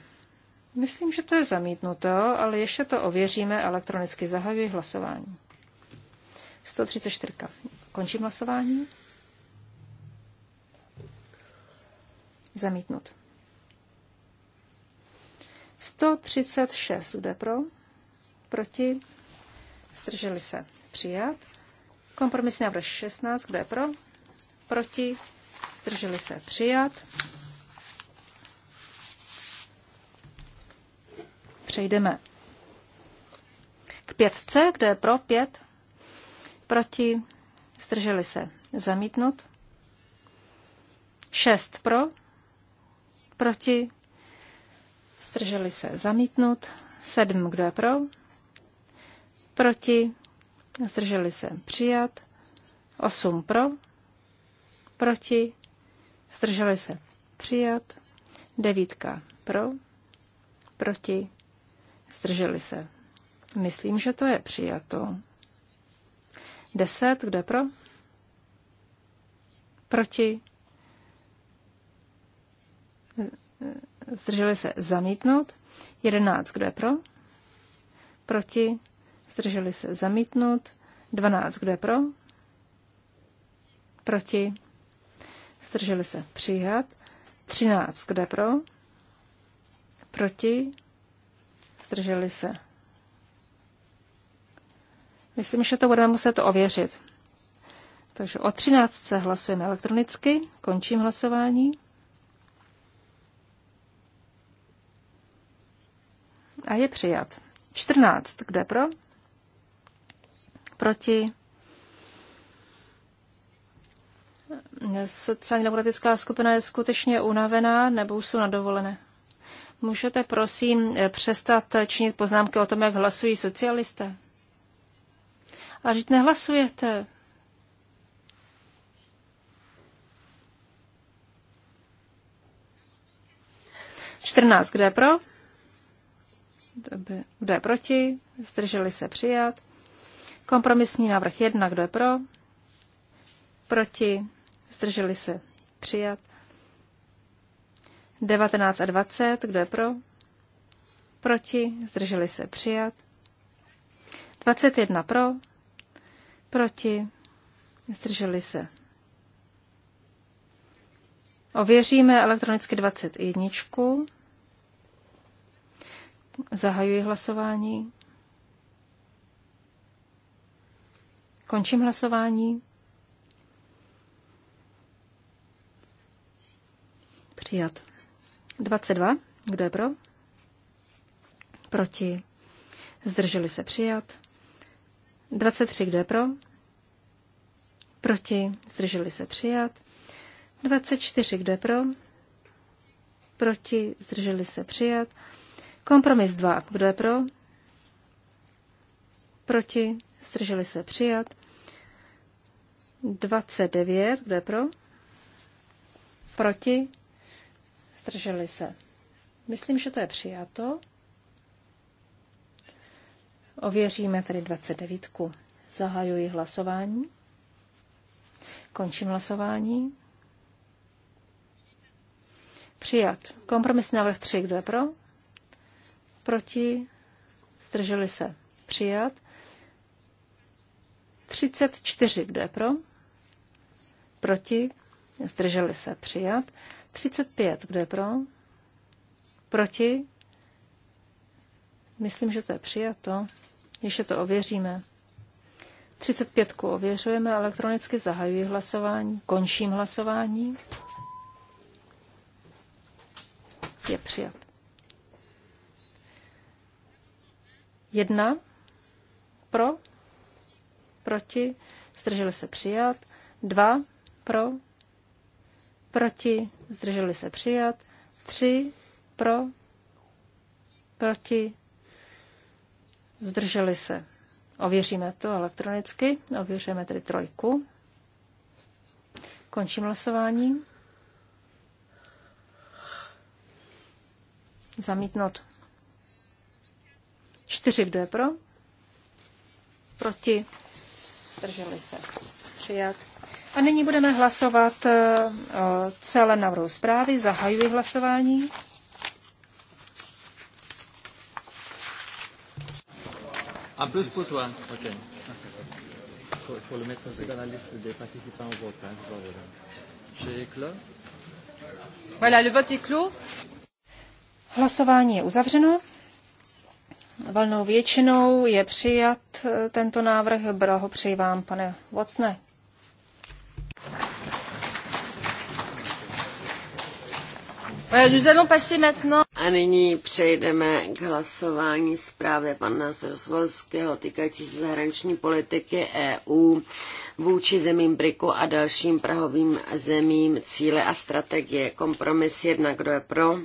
Myslím, že to je zamítnuto, ale ještě to ověříme elektronicky. Zahajuji hlasování. 134. Končím hlasování. Zamítnut. 136. Kdo je pro? Proti? Zdrželi se. Přijat. Kompromisní návrh 16. Kdo je pro? Proti? Zdrželi se. Přijat. Přejdeme k pětce. Kdo je pro? Pět proti, zdrželi se zamítnut. 6 pro, proti, zdrželi se zamítnut. 7, kdo je pro, proti, zdrželi se přijat. 8 pro, proti, zdrželi se přijat. 9 pro, proti, zdrželi se. Myslím, že to je přijato. 10, kdo je pro? Proti? Zdrželi se zamítnout. 11, kdo je pro? Proti? Zdrželi se zamítnout. 12, kdo je pro? Proti? Zdrželi se přijat. 13, kdo je pro? Proti? Zdrželi se Myslím, že to budeme muset ověřit. Takže o 13. hlasujeme elektronicky. Končím hlasování. A je přijat. 14. Kde pro? Proti? Sociální demokratická skupina je skutečně unavená nebo jsou nadovolené? Můžete prosím přestat činit poznámky o tom, jak hlasují socialisté? Ale vždyť nehlasujete. Čtrnáct, kde je pro? Kdo je proti? Zdrželi se přijat. Kompromisní návrh jedna. kdo je pro? Proti? Zdrželi se přijat. 19 a 20, kdo je pro? Proti? Zdrželi se přijat. 21 pro? Proti? Zdrželi se. Ověříme elektronicky 21. Zahajuji hlasování. Končím hlasování. Přijat. 22. Kdo je pro? Proti. Zdrželi se přijat. 23, kdo je pro? Proti, zdrželi se přijat. 24, kdo je pro? Proti, zdrželi se přijat. Kompromis 2, kdo je pro? Proti, zdrželi se přijat. 29, kdo je pro? Proti, zdrželi se. Myslím, že to je přijato. Ověříme tedy 29. Zahajuji hlasování. Končím hlasování. Přijat. Kompromis návrh 3. Kdo je pro? Proti? Zdrželi se. Přijat. 34. Kdo je pro? Proti? Zdrželi se. Přijat. 35. Kdo je pro? Proti? Myslím, že to je přijato. Ještě to ověříme. 35 ověřujeme elektronicky, zahajuji hlasování, končím hlasování. Je přijat. Jedna pro, proti, zdrželi se přijat. Dva pro, proti, zdrželi se přijat. Tři pro, proti, Zdrželi se. Ověříme to elektronicky. Ověříme tedy trojku. Končím hlasování. Zamítnout. Čtyři, kdo je pro? Proti? Zdrželi se. Přijat. A nyní budeme hlasovat eh, celé navrhu zprávy. Zahajuji hlasování. En plus pour toi. Ok. Il faut, faut le mettre dans la liste des participants au vote. Hein, J'ai clos. Voilà, le vote est clos. Hlasování je uzavřeno. Valnou většinou je přijat eh, tento návrh. přeji vám, pane Vocne. Nous allons passer maintenant a nyní přejdeme k hlasování zprávy pana Zrozvolského týkající se zahraniční politiky EU vůči zemím BRICu a dalším prahovým zemím cíle a strategie. Kompromis jedna, kdo je pro?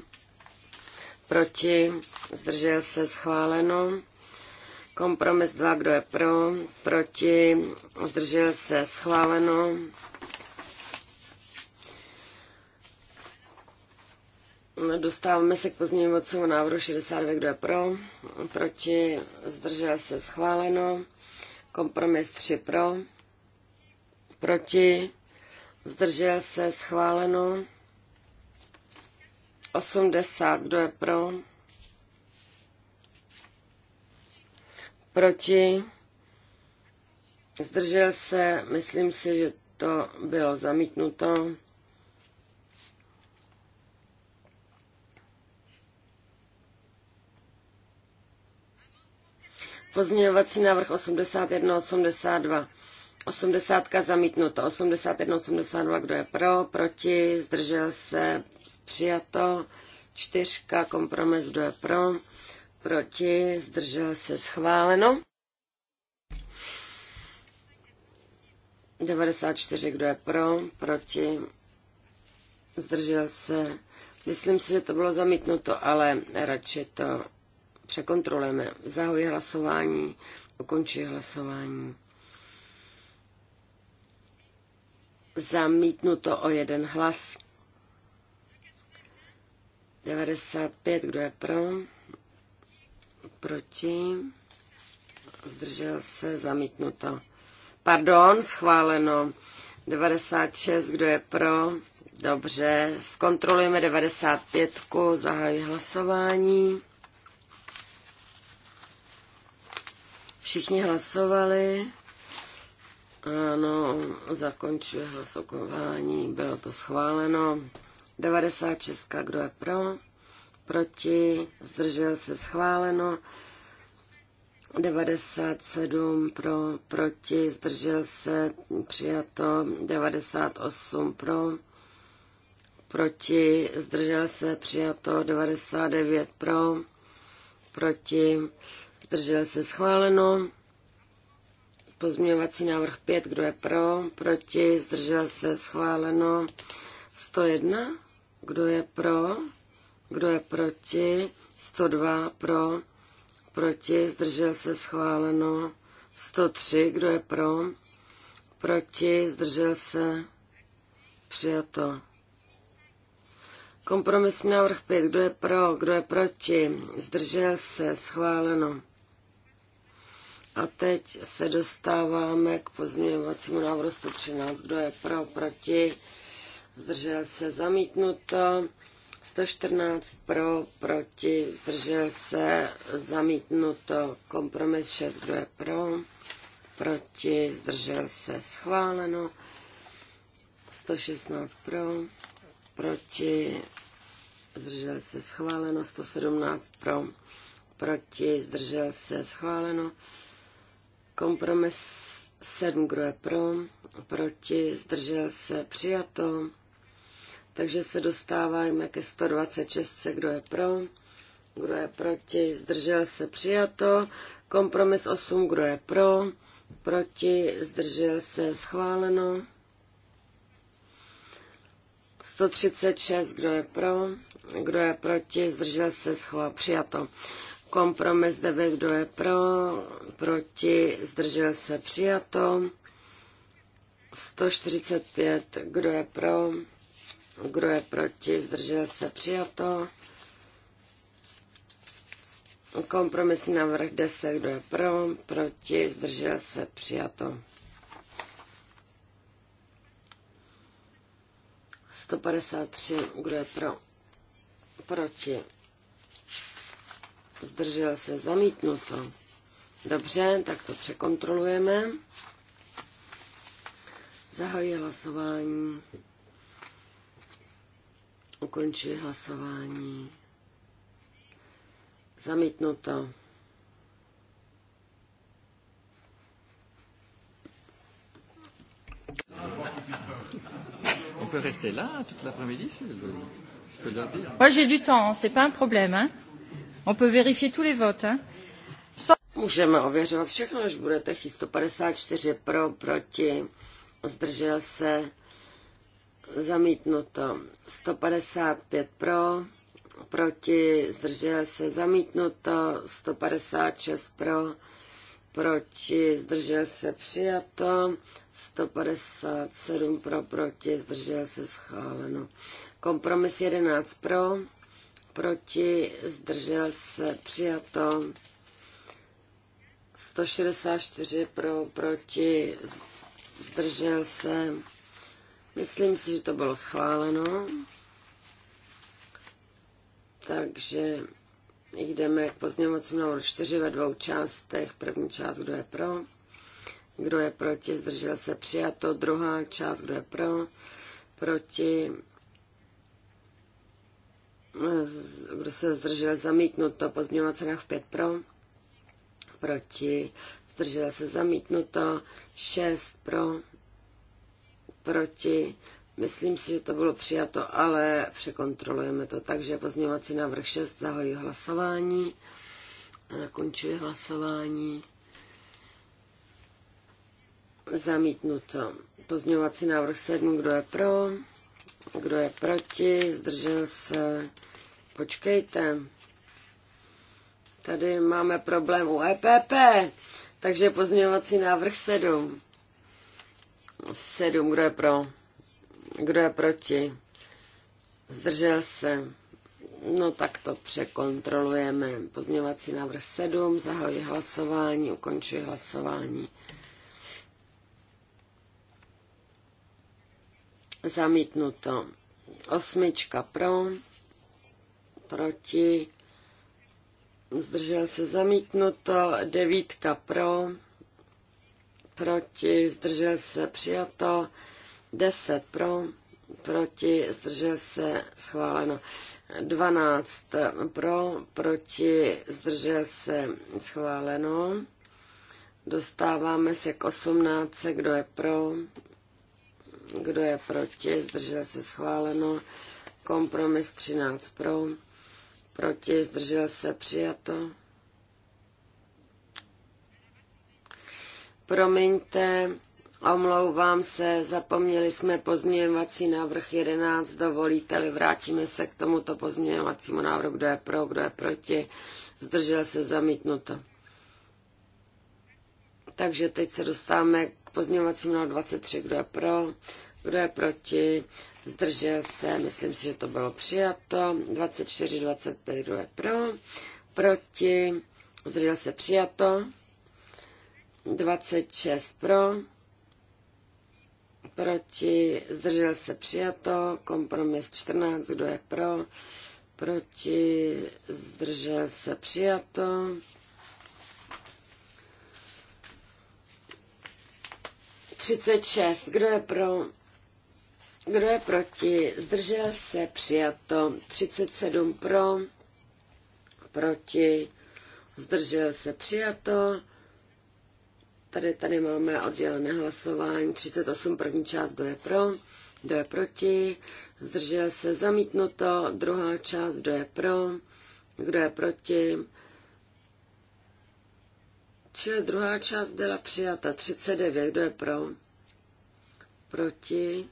Proti? Zdržel se schváleno. Kompromis dva, kdo je pro? Proti? Zdržel se schváleno. Dostáváme se k pozměňovacímu návrhu 62, kdo je pro, proti, zdržel se schváleno, kompromis 3 pro, proti, zdržel se schváleno, 80, kdo je pro, proti, zdržel se, myslím si, že to bylo zamítnuto, Pozměňovací návrh 81, 82. 80 zamítnuto, 81, 82, kdo je pro, proti, zdržel se, přijato, čtyřka, kompromis, kdo je pro, proti, zdržel se, schváleno. 94, kdo je pro, proti, zdržel se. Myslím si, že to bylo zamítnuto, ale radši to Překontrolujeme. Zahoji hlasování, ukončuji hlasování. Zamítnuto o jeden hlas. 95, kdo je pro? Proti? Zdržel se, zamítnuto. Pardon, schváleno. 96, kdo je pro? Dobře, zkontrolujeme 95, zahají hlasování. Všichni hlasovali. Ano, zakončuje hlasování, bylo to schváleno. 96, kdo je pro? Proti, zdržel se schváleno. 97 pro, proti, zdržel se, přijato. 98 pro, proti, zdržel se, přijato. 99 pro, proti, Zdržel se schváleno. Pozměňovací návrh 5, kdo je pro, proti, zdržel se schváleno. 101, kdo je pro, kdo je proti, 102 pro, proti, zdržel se schváleno. 103, kdo je pro, proti, zdržel se přijato. Kompromisní návrh 5. Kdo je pro, kdo je proti? Zdržel se, schváleno. A teď se dostáváme k pozměňovacímu návrhu 113. Kdo je pro, proti? Zdržel se zamítnuto. 114 pro, proti, zdržel se, zamítnuto, kompromis 6, kdo je pro, proti, zdržel se, schváleno, 116 pro, proti, zdržel se, schváleno, 117 pro, proti, zdržel se, schváleno, Kompromis 7, kdo je pro, proti, zdržel se, přijato. Takže se dostáváme ke 126, kdo je pro, kdo je proti, zdržel se, přijato. Kompromis 8, kdo je pro, proti, zdržel se, schváleno. 136, kdo je pro, kdo je proti, zdržel se, schvál, přijato. Kompromis 9, kdo je pro, proti, zdržel se přijato. 145, kdo je pro, kdo je proti, zdržel se přijato. Kompromisní návrh 10, kdo je pro, proti, zdržel se přijato. 153, kdo je pro, proti, zdržel se, zamítnuto. Dobře, tak to překontrolujeme. Zahajuji hlasování. Ukončuji hlasování. Zamítnuto. On peut rester là toute l'après-midi, si je Moi, j'ai du temps, c'est pas un problème, hein. On peut vérifier tous les votes, hein? Můžeme ověřovat všechno, až budete chtít 154 pro, proti, zdržel se, zamítnuto, 155 pro, proti, zdržel se, zamítnuto, 156 pro, proti, zdržel se, přijato, 157 pro, proti, zdržel se, schváleno. Kompromis 11 pro, proti, zdržel se, přijato. 164 pro, proti, zdržel se. Myslím si, že to bylo schváleno. Takže jdeme k pozněvacím návrhu 4 ve dvou částech. První část, kdo je pro, kdo je proti, zdržel se přijato. Druhá část, kdo je pro, proti, kdo se zdržel zamítnuto? Pozměňovací návrh 5 pro. Proti. Zdržel se zamítnuto. 6 pro. Proti. Myslím si, že to bylo přijato, ale překontrolujeme to. Takže pozměňovací návrh 6 zahojí hlasování. zakončuji hlasování. Zamítnuto. Pozměňovací návrh 7, kdo je pro? Kdo je proti? Zdržel se. Počkejte. Tady máme problém u EPP, takže pozměňovací návrh 7. 7. Kdo je pro? Kdo je proti? Zdržel se. No tak to překontrolujeme. Pozměňovací návrh 7, zahajuji hlasování, ukončuji hlasování. Zamítnuto. Osmička pro, proti, zdržel se zamítnuto. Devítka pro, proti, zdržel se přijato. Deset pro, proti, zdržel se schváleno. dvanáct pro, proti, zdržel se schváleno. Dostáváme se k osmnáctce, kdo je pro, kdo je proti? Zdržel se schváleno. Kompromis 13 pro. Proti? Zdržel se přijato. Promiňte, omlouvám se, zapomněli jsme pozměňovací návrh 11, dovolíte-li, vrátíme se k tomuto pozměňovacímu návrhu, kdo je pro, kdo je proti, zdržel se zamítnuto. Takže teď se dostáváme Pozměňovací návrh 23, kdo je pro, kdo je proti, zdržel se, myslím si, že to bylo přijato. 24, 25, kdo je pro, proti, zdržel se, přijato. 26 pro, proti, zdržel se, přijato. Kompromis 14, kdo je pro, proti, zdržel se, přijato. 36. Kdo je pro? Kdo je proti? Zdržel se přijato. 37 pro, proti, zdržel se přijato. Tady, tady máme oddělené hlasování. 38 první část, kdo je pro, kdo je proti, zdržel se zamítnuto. Druhá část, kdo je pro, kdo je proti, Čili druhá část byla přijata. 39, kdo je pro? Proti?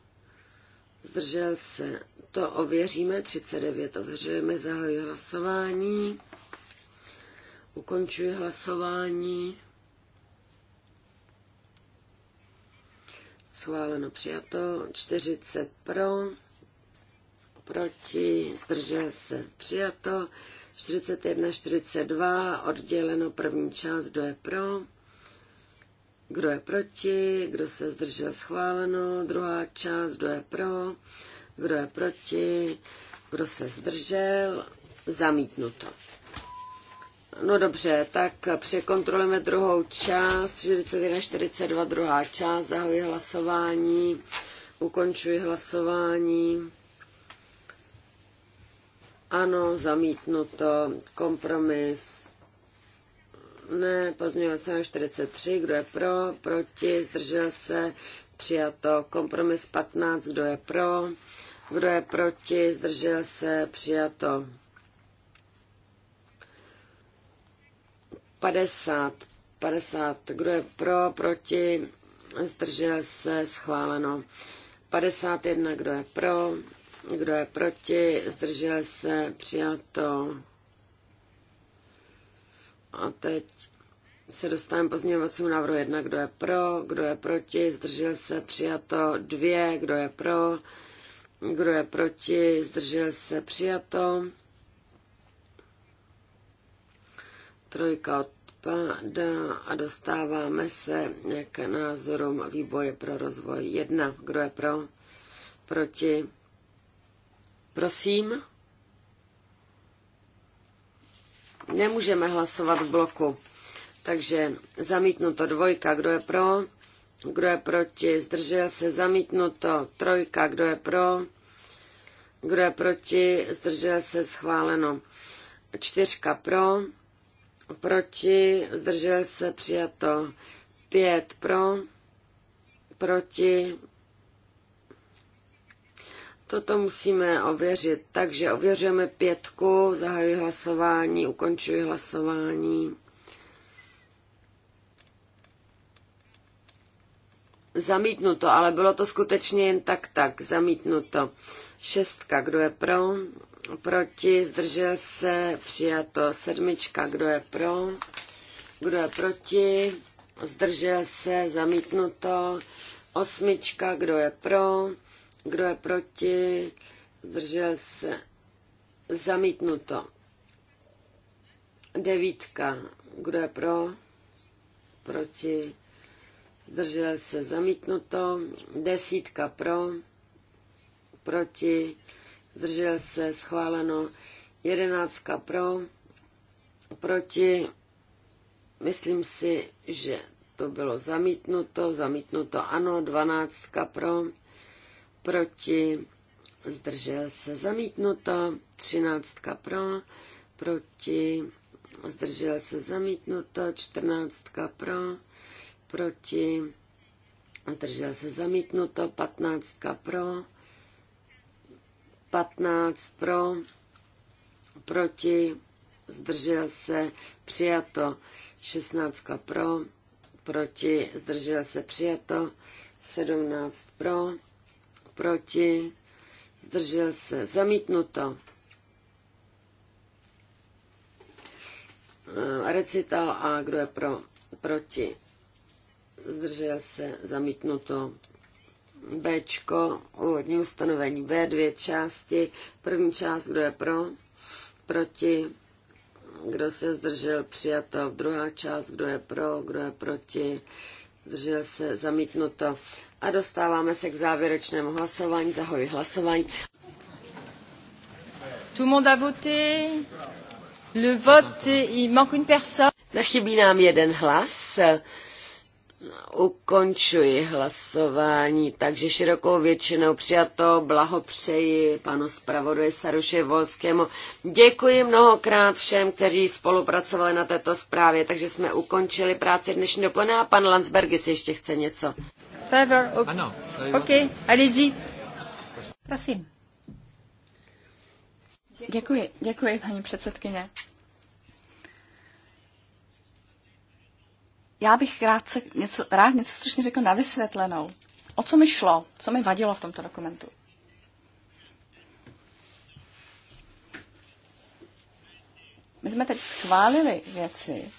Zdržel se. To ověříme. 39 ověřujeme. zahojí hlasování. Ukončuji hlasování. Schváleno přijato. 40 pro. Proti. Zdržel se. Přijato. 41, 42, odděleno první část, kdo je pro, kdo je proti, kdo se zdržel schváleno, druhá část, kdo je pro, kdo je proti, kdo se zdržel, zamítnuto. No dobře, tak překontrolujeme druhou část, 41, 42, druhá část, zahoji hlasování, ukončuji hlasování. Ano, zamítnuto. Kompromis. Ne, pozměňuje se na 43. Kdo je pro? Proti? Zdržel se? Přijato. Kompromis 15. Kdo je pro? Kdo je proti? Zdržel se? Přijato. 50. 50. Kdo je pro? Proti? Zdržel se? Schváleno. 51. Kdo je pro? Kdo je proti? Zdržel se? Přijato. A teď se dostávám pozměňovacímu návrhu jedna Kdo je pro? Kdo je proti? Zdržel se? Přijato. dvě Kdo je pro? Kdo je proti? Zdržel se? Přijato. Trojka odpadá a dostáváme se k názorům výboje pro rozvoj jedna Kdo je pro? Proti? Prosím. Nemůžeme hlasovat v bloku. Takže zamítnuto dvojka, kdo je pro, kdo je proti, zdržel se, zamítnuto trojka, kdo je pro, kdo je proti, zdržel se, schváleno. Čtyřka pro, proti, zdržel se, přijato. Pět pro, proti, Toto musíme ověřit, takže ověřujeme pětku, zahajuji hlasování, ukončuji hlasování. Zamítnuto, ale bylo to skutečně jen tak tak, zamítnuto. Šestka, kdo je pro? Proti, zdržel se, přijato. Sedmička, kdo je pro? Kdo je proti? Zdržel se, zamítnuto. Osmička, kdo je pro? Kdo je proti? Zdržel se. Zamítnuto. Devítka. Kdo je pro? Proti? Zdržel se. Zamítnuto. Desítka pro? Proti? Zdržel se. Schváleno. Jedenáctka pro? Proti? Myslím si, že to bylo zamítnuto. Zamítnuto ano. Dvanáctka pro? proti, zdržel se zamítnuto, třináctka pro, proti, zdržel se zamítnuto, čtrnáctka pro, proti, zdržel se zamítnuto, patnáctka pro, patnáct pro, proti, zdržel se přijato, šestnáctka pro, proti, zdržel se přijato, sedmnáct pro, proti, zdržel se, zamítnuto. E, recital A, kdo je pro, proti, zdržel se, zamítnuto. Bčko, úvodní ustanovení B, dvě části. První část, kdo je pro, proti, kdo se zdržel, přijato. Druhá část, kdo je pro, kdo je proti, zdržel se, zamítnuto. A dostáváme se k závěrečnému hlasování. Zahoji hlasování. Tout le monde a voté. Le vote, il manque une personne. Nachybí nám jeden hlas. Ukončuji hlasování, takže širokou většinou přijato. Blahopřeji panu zpravodaji Saruše Volskému. Děkuji mnohokrát všem, kteří spolupracovali na této zprávě, takže jsme ukončili práci dnešní dopoledne a pan Landsbergis ještě chce něco favor? Ano. Ah, okay. Allez-y. Prosím. Děkuji, děkuji, paní předsedkyně. Já bych rád, se něco, rád něco stručně řekl na vysvětlenou. O co mi šlo? Co mi vadilo v tomto dokumentu? My jsme teď schválili věci,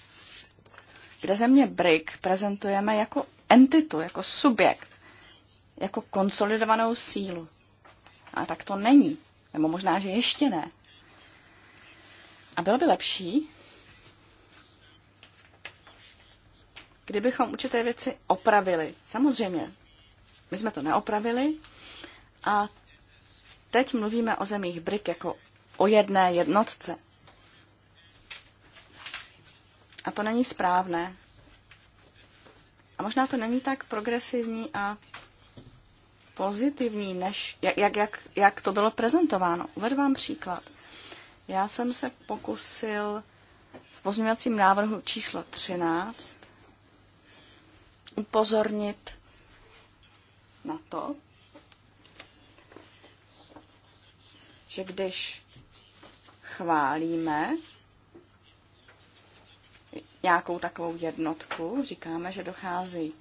kde země BRIC prezentujeme jako entitu, jako subjekt, jako konsolidovanou sílu. A tak to není. Nebo možná, že ještě ne. A bylo by lepší, kdybychom určité věci opravili. Samozřejmě, my jsme to neopravili a teď mluvíme o zemích BRIC jako o jedné jednotce. A to není správné. A možná to není tak progresivní a pozitivní, než jak, jak, jak, jak to bylo prezentováno. Uvedu vám příklad. Já jsem se pokusil v pozměňovacím návrhu číslo 13 upozornit na to, že když chválíme nějakou takovou jednotku. Říkáme, že dochází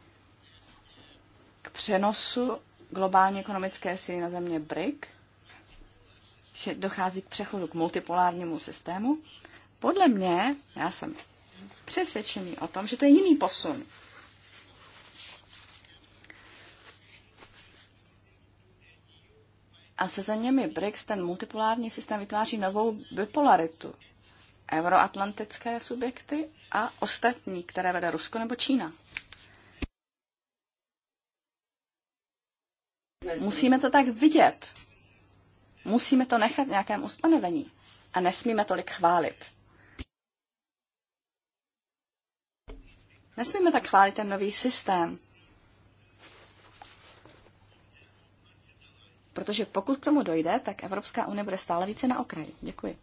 k přenosu globální ekonomické síly na země BRIC, že dochází k přechodu k multipolárnímu systému. Podle mě, já jsem přesvědčený o tom, že to je jiný posun. A se zeměmi BRICS ten multipolární systém vytváří novou bipolaritu, euroatlantické subjekty a ostatní, které vede Rusko nebo Čína. Musíme to tak vidět. Musíme to nechat v nějakém ustanovení. A nesmíme tolik chválit. Nesmíme tak chválit ten nový systém. Protože pokud k tomu dojde, tak Evropská unie bude stále více na okraji. Děkuji.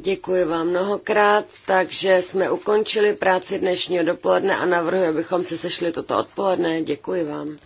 Děkuji vám mnohokrát, takže jsme ukončili práci dnešního dopoledne a navrhuji, abychom se sešli toto odpoledne. Děkuji vám.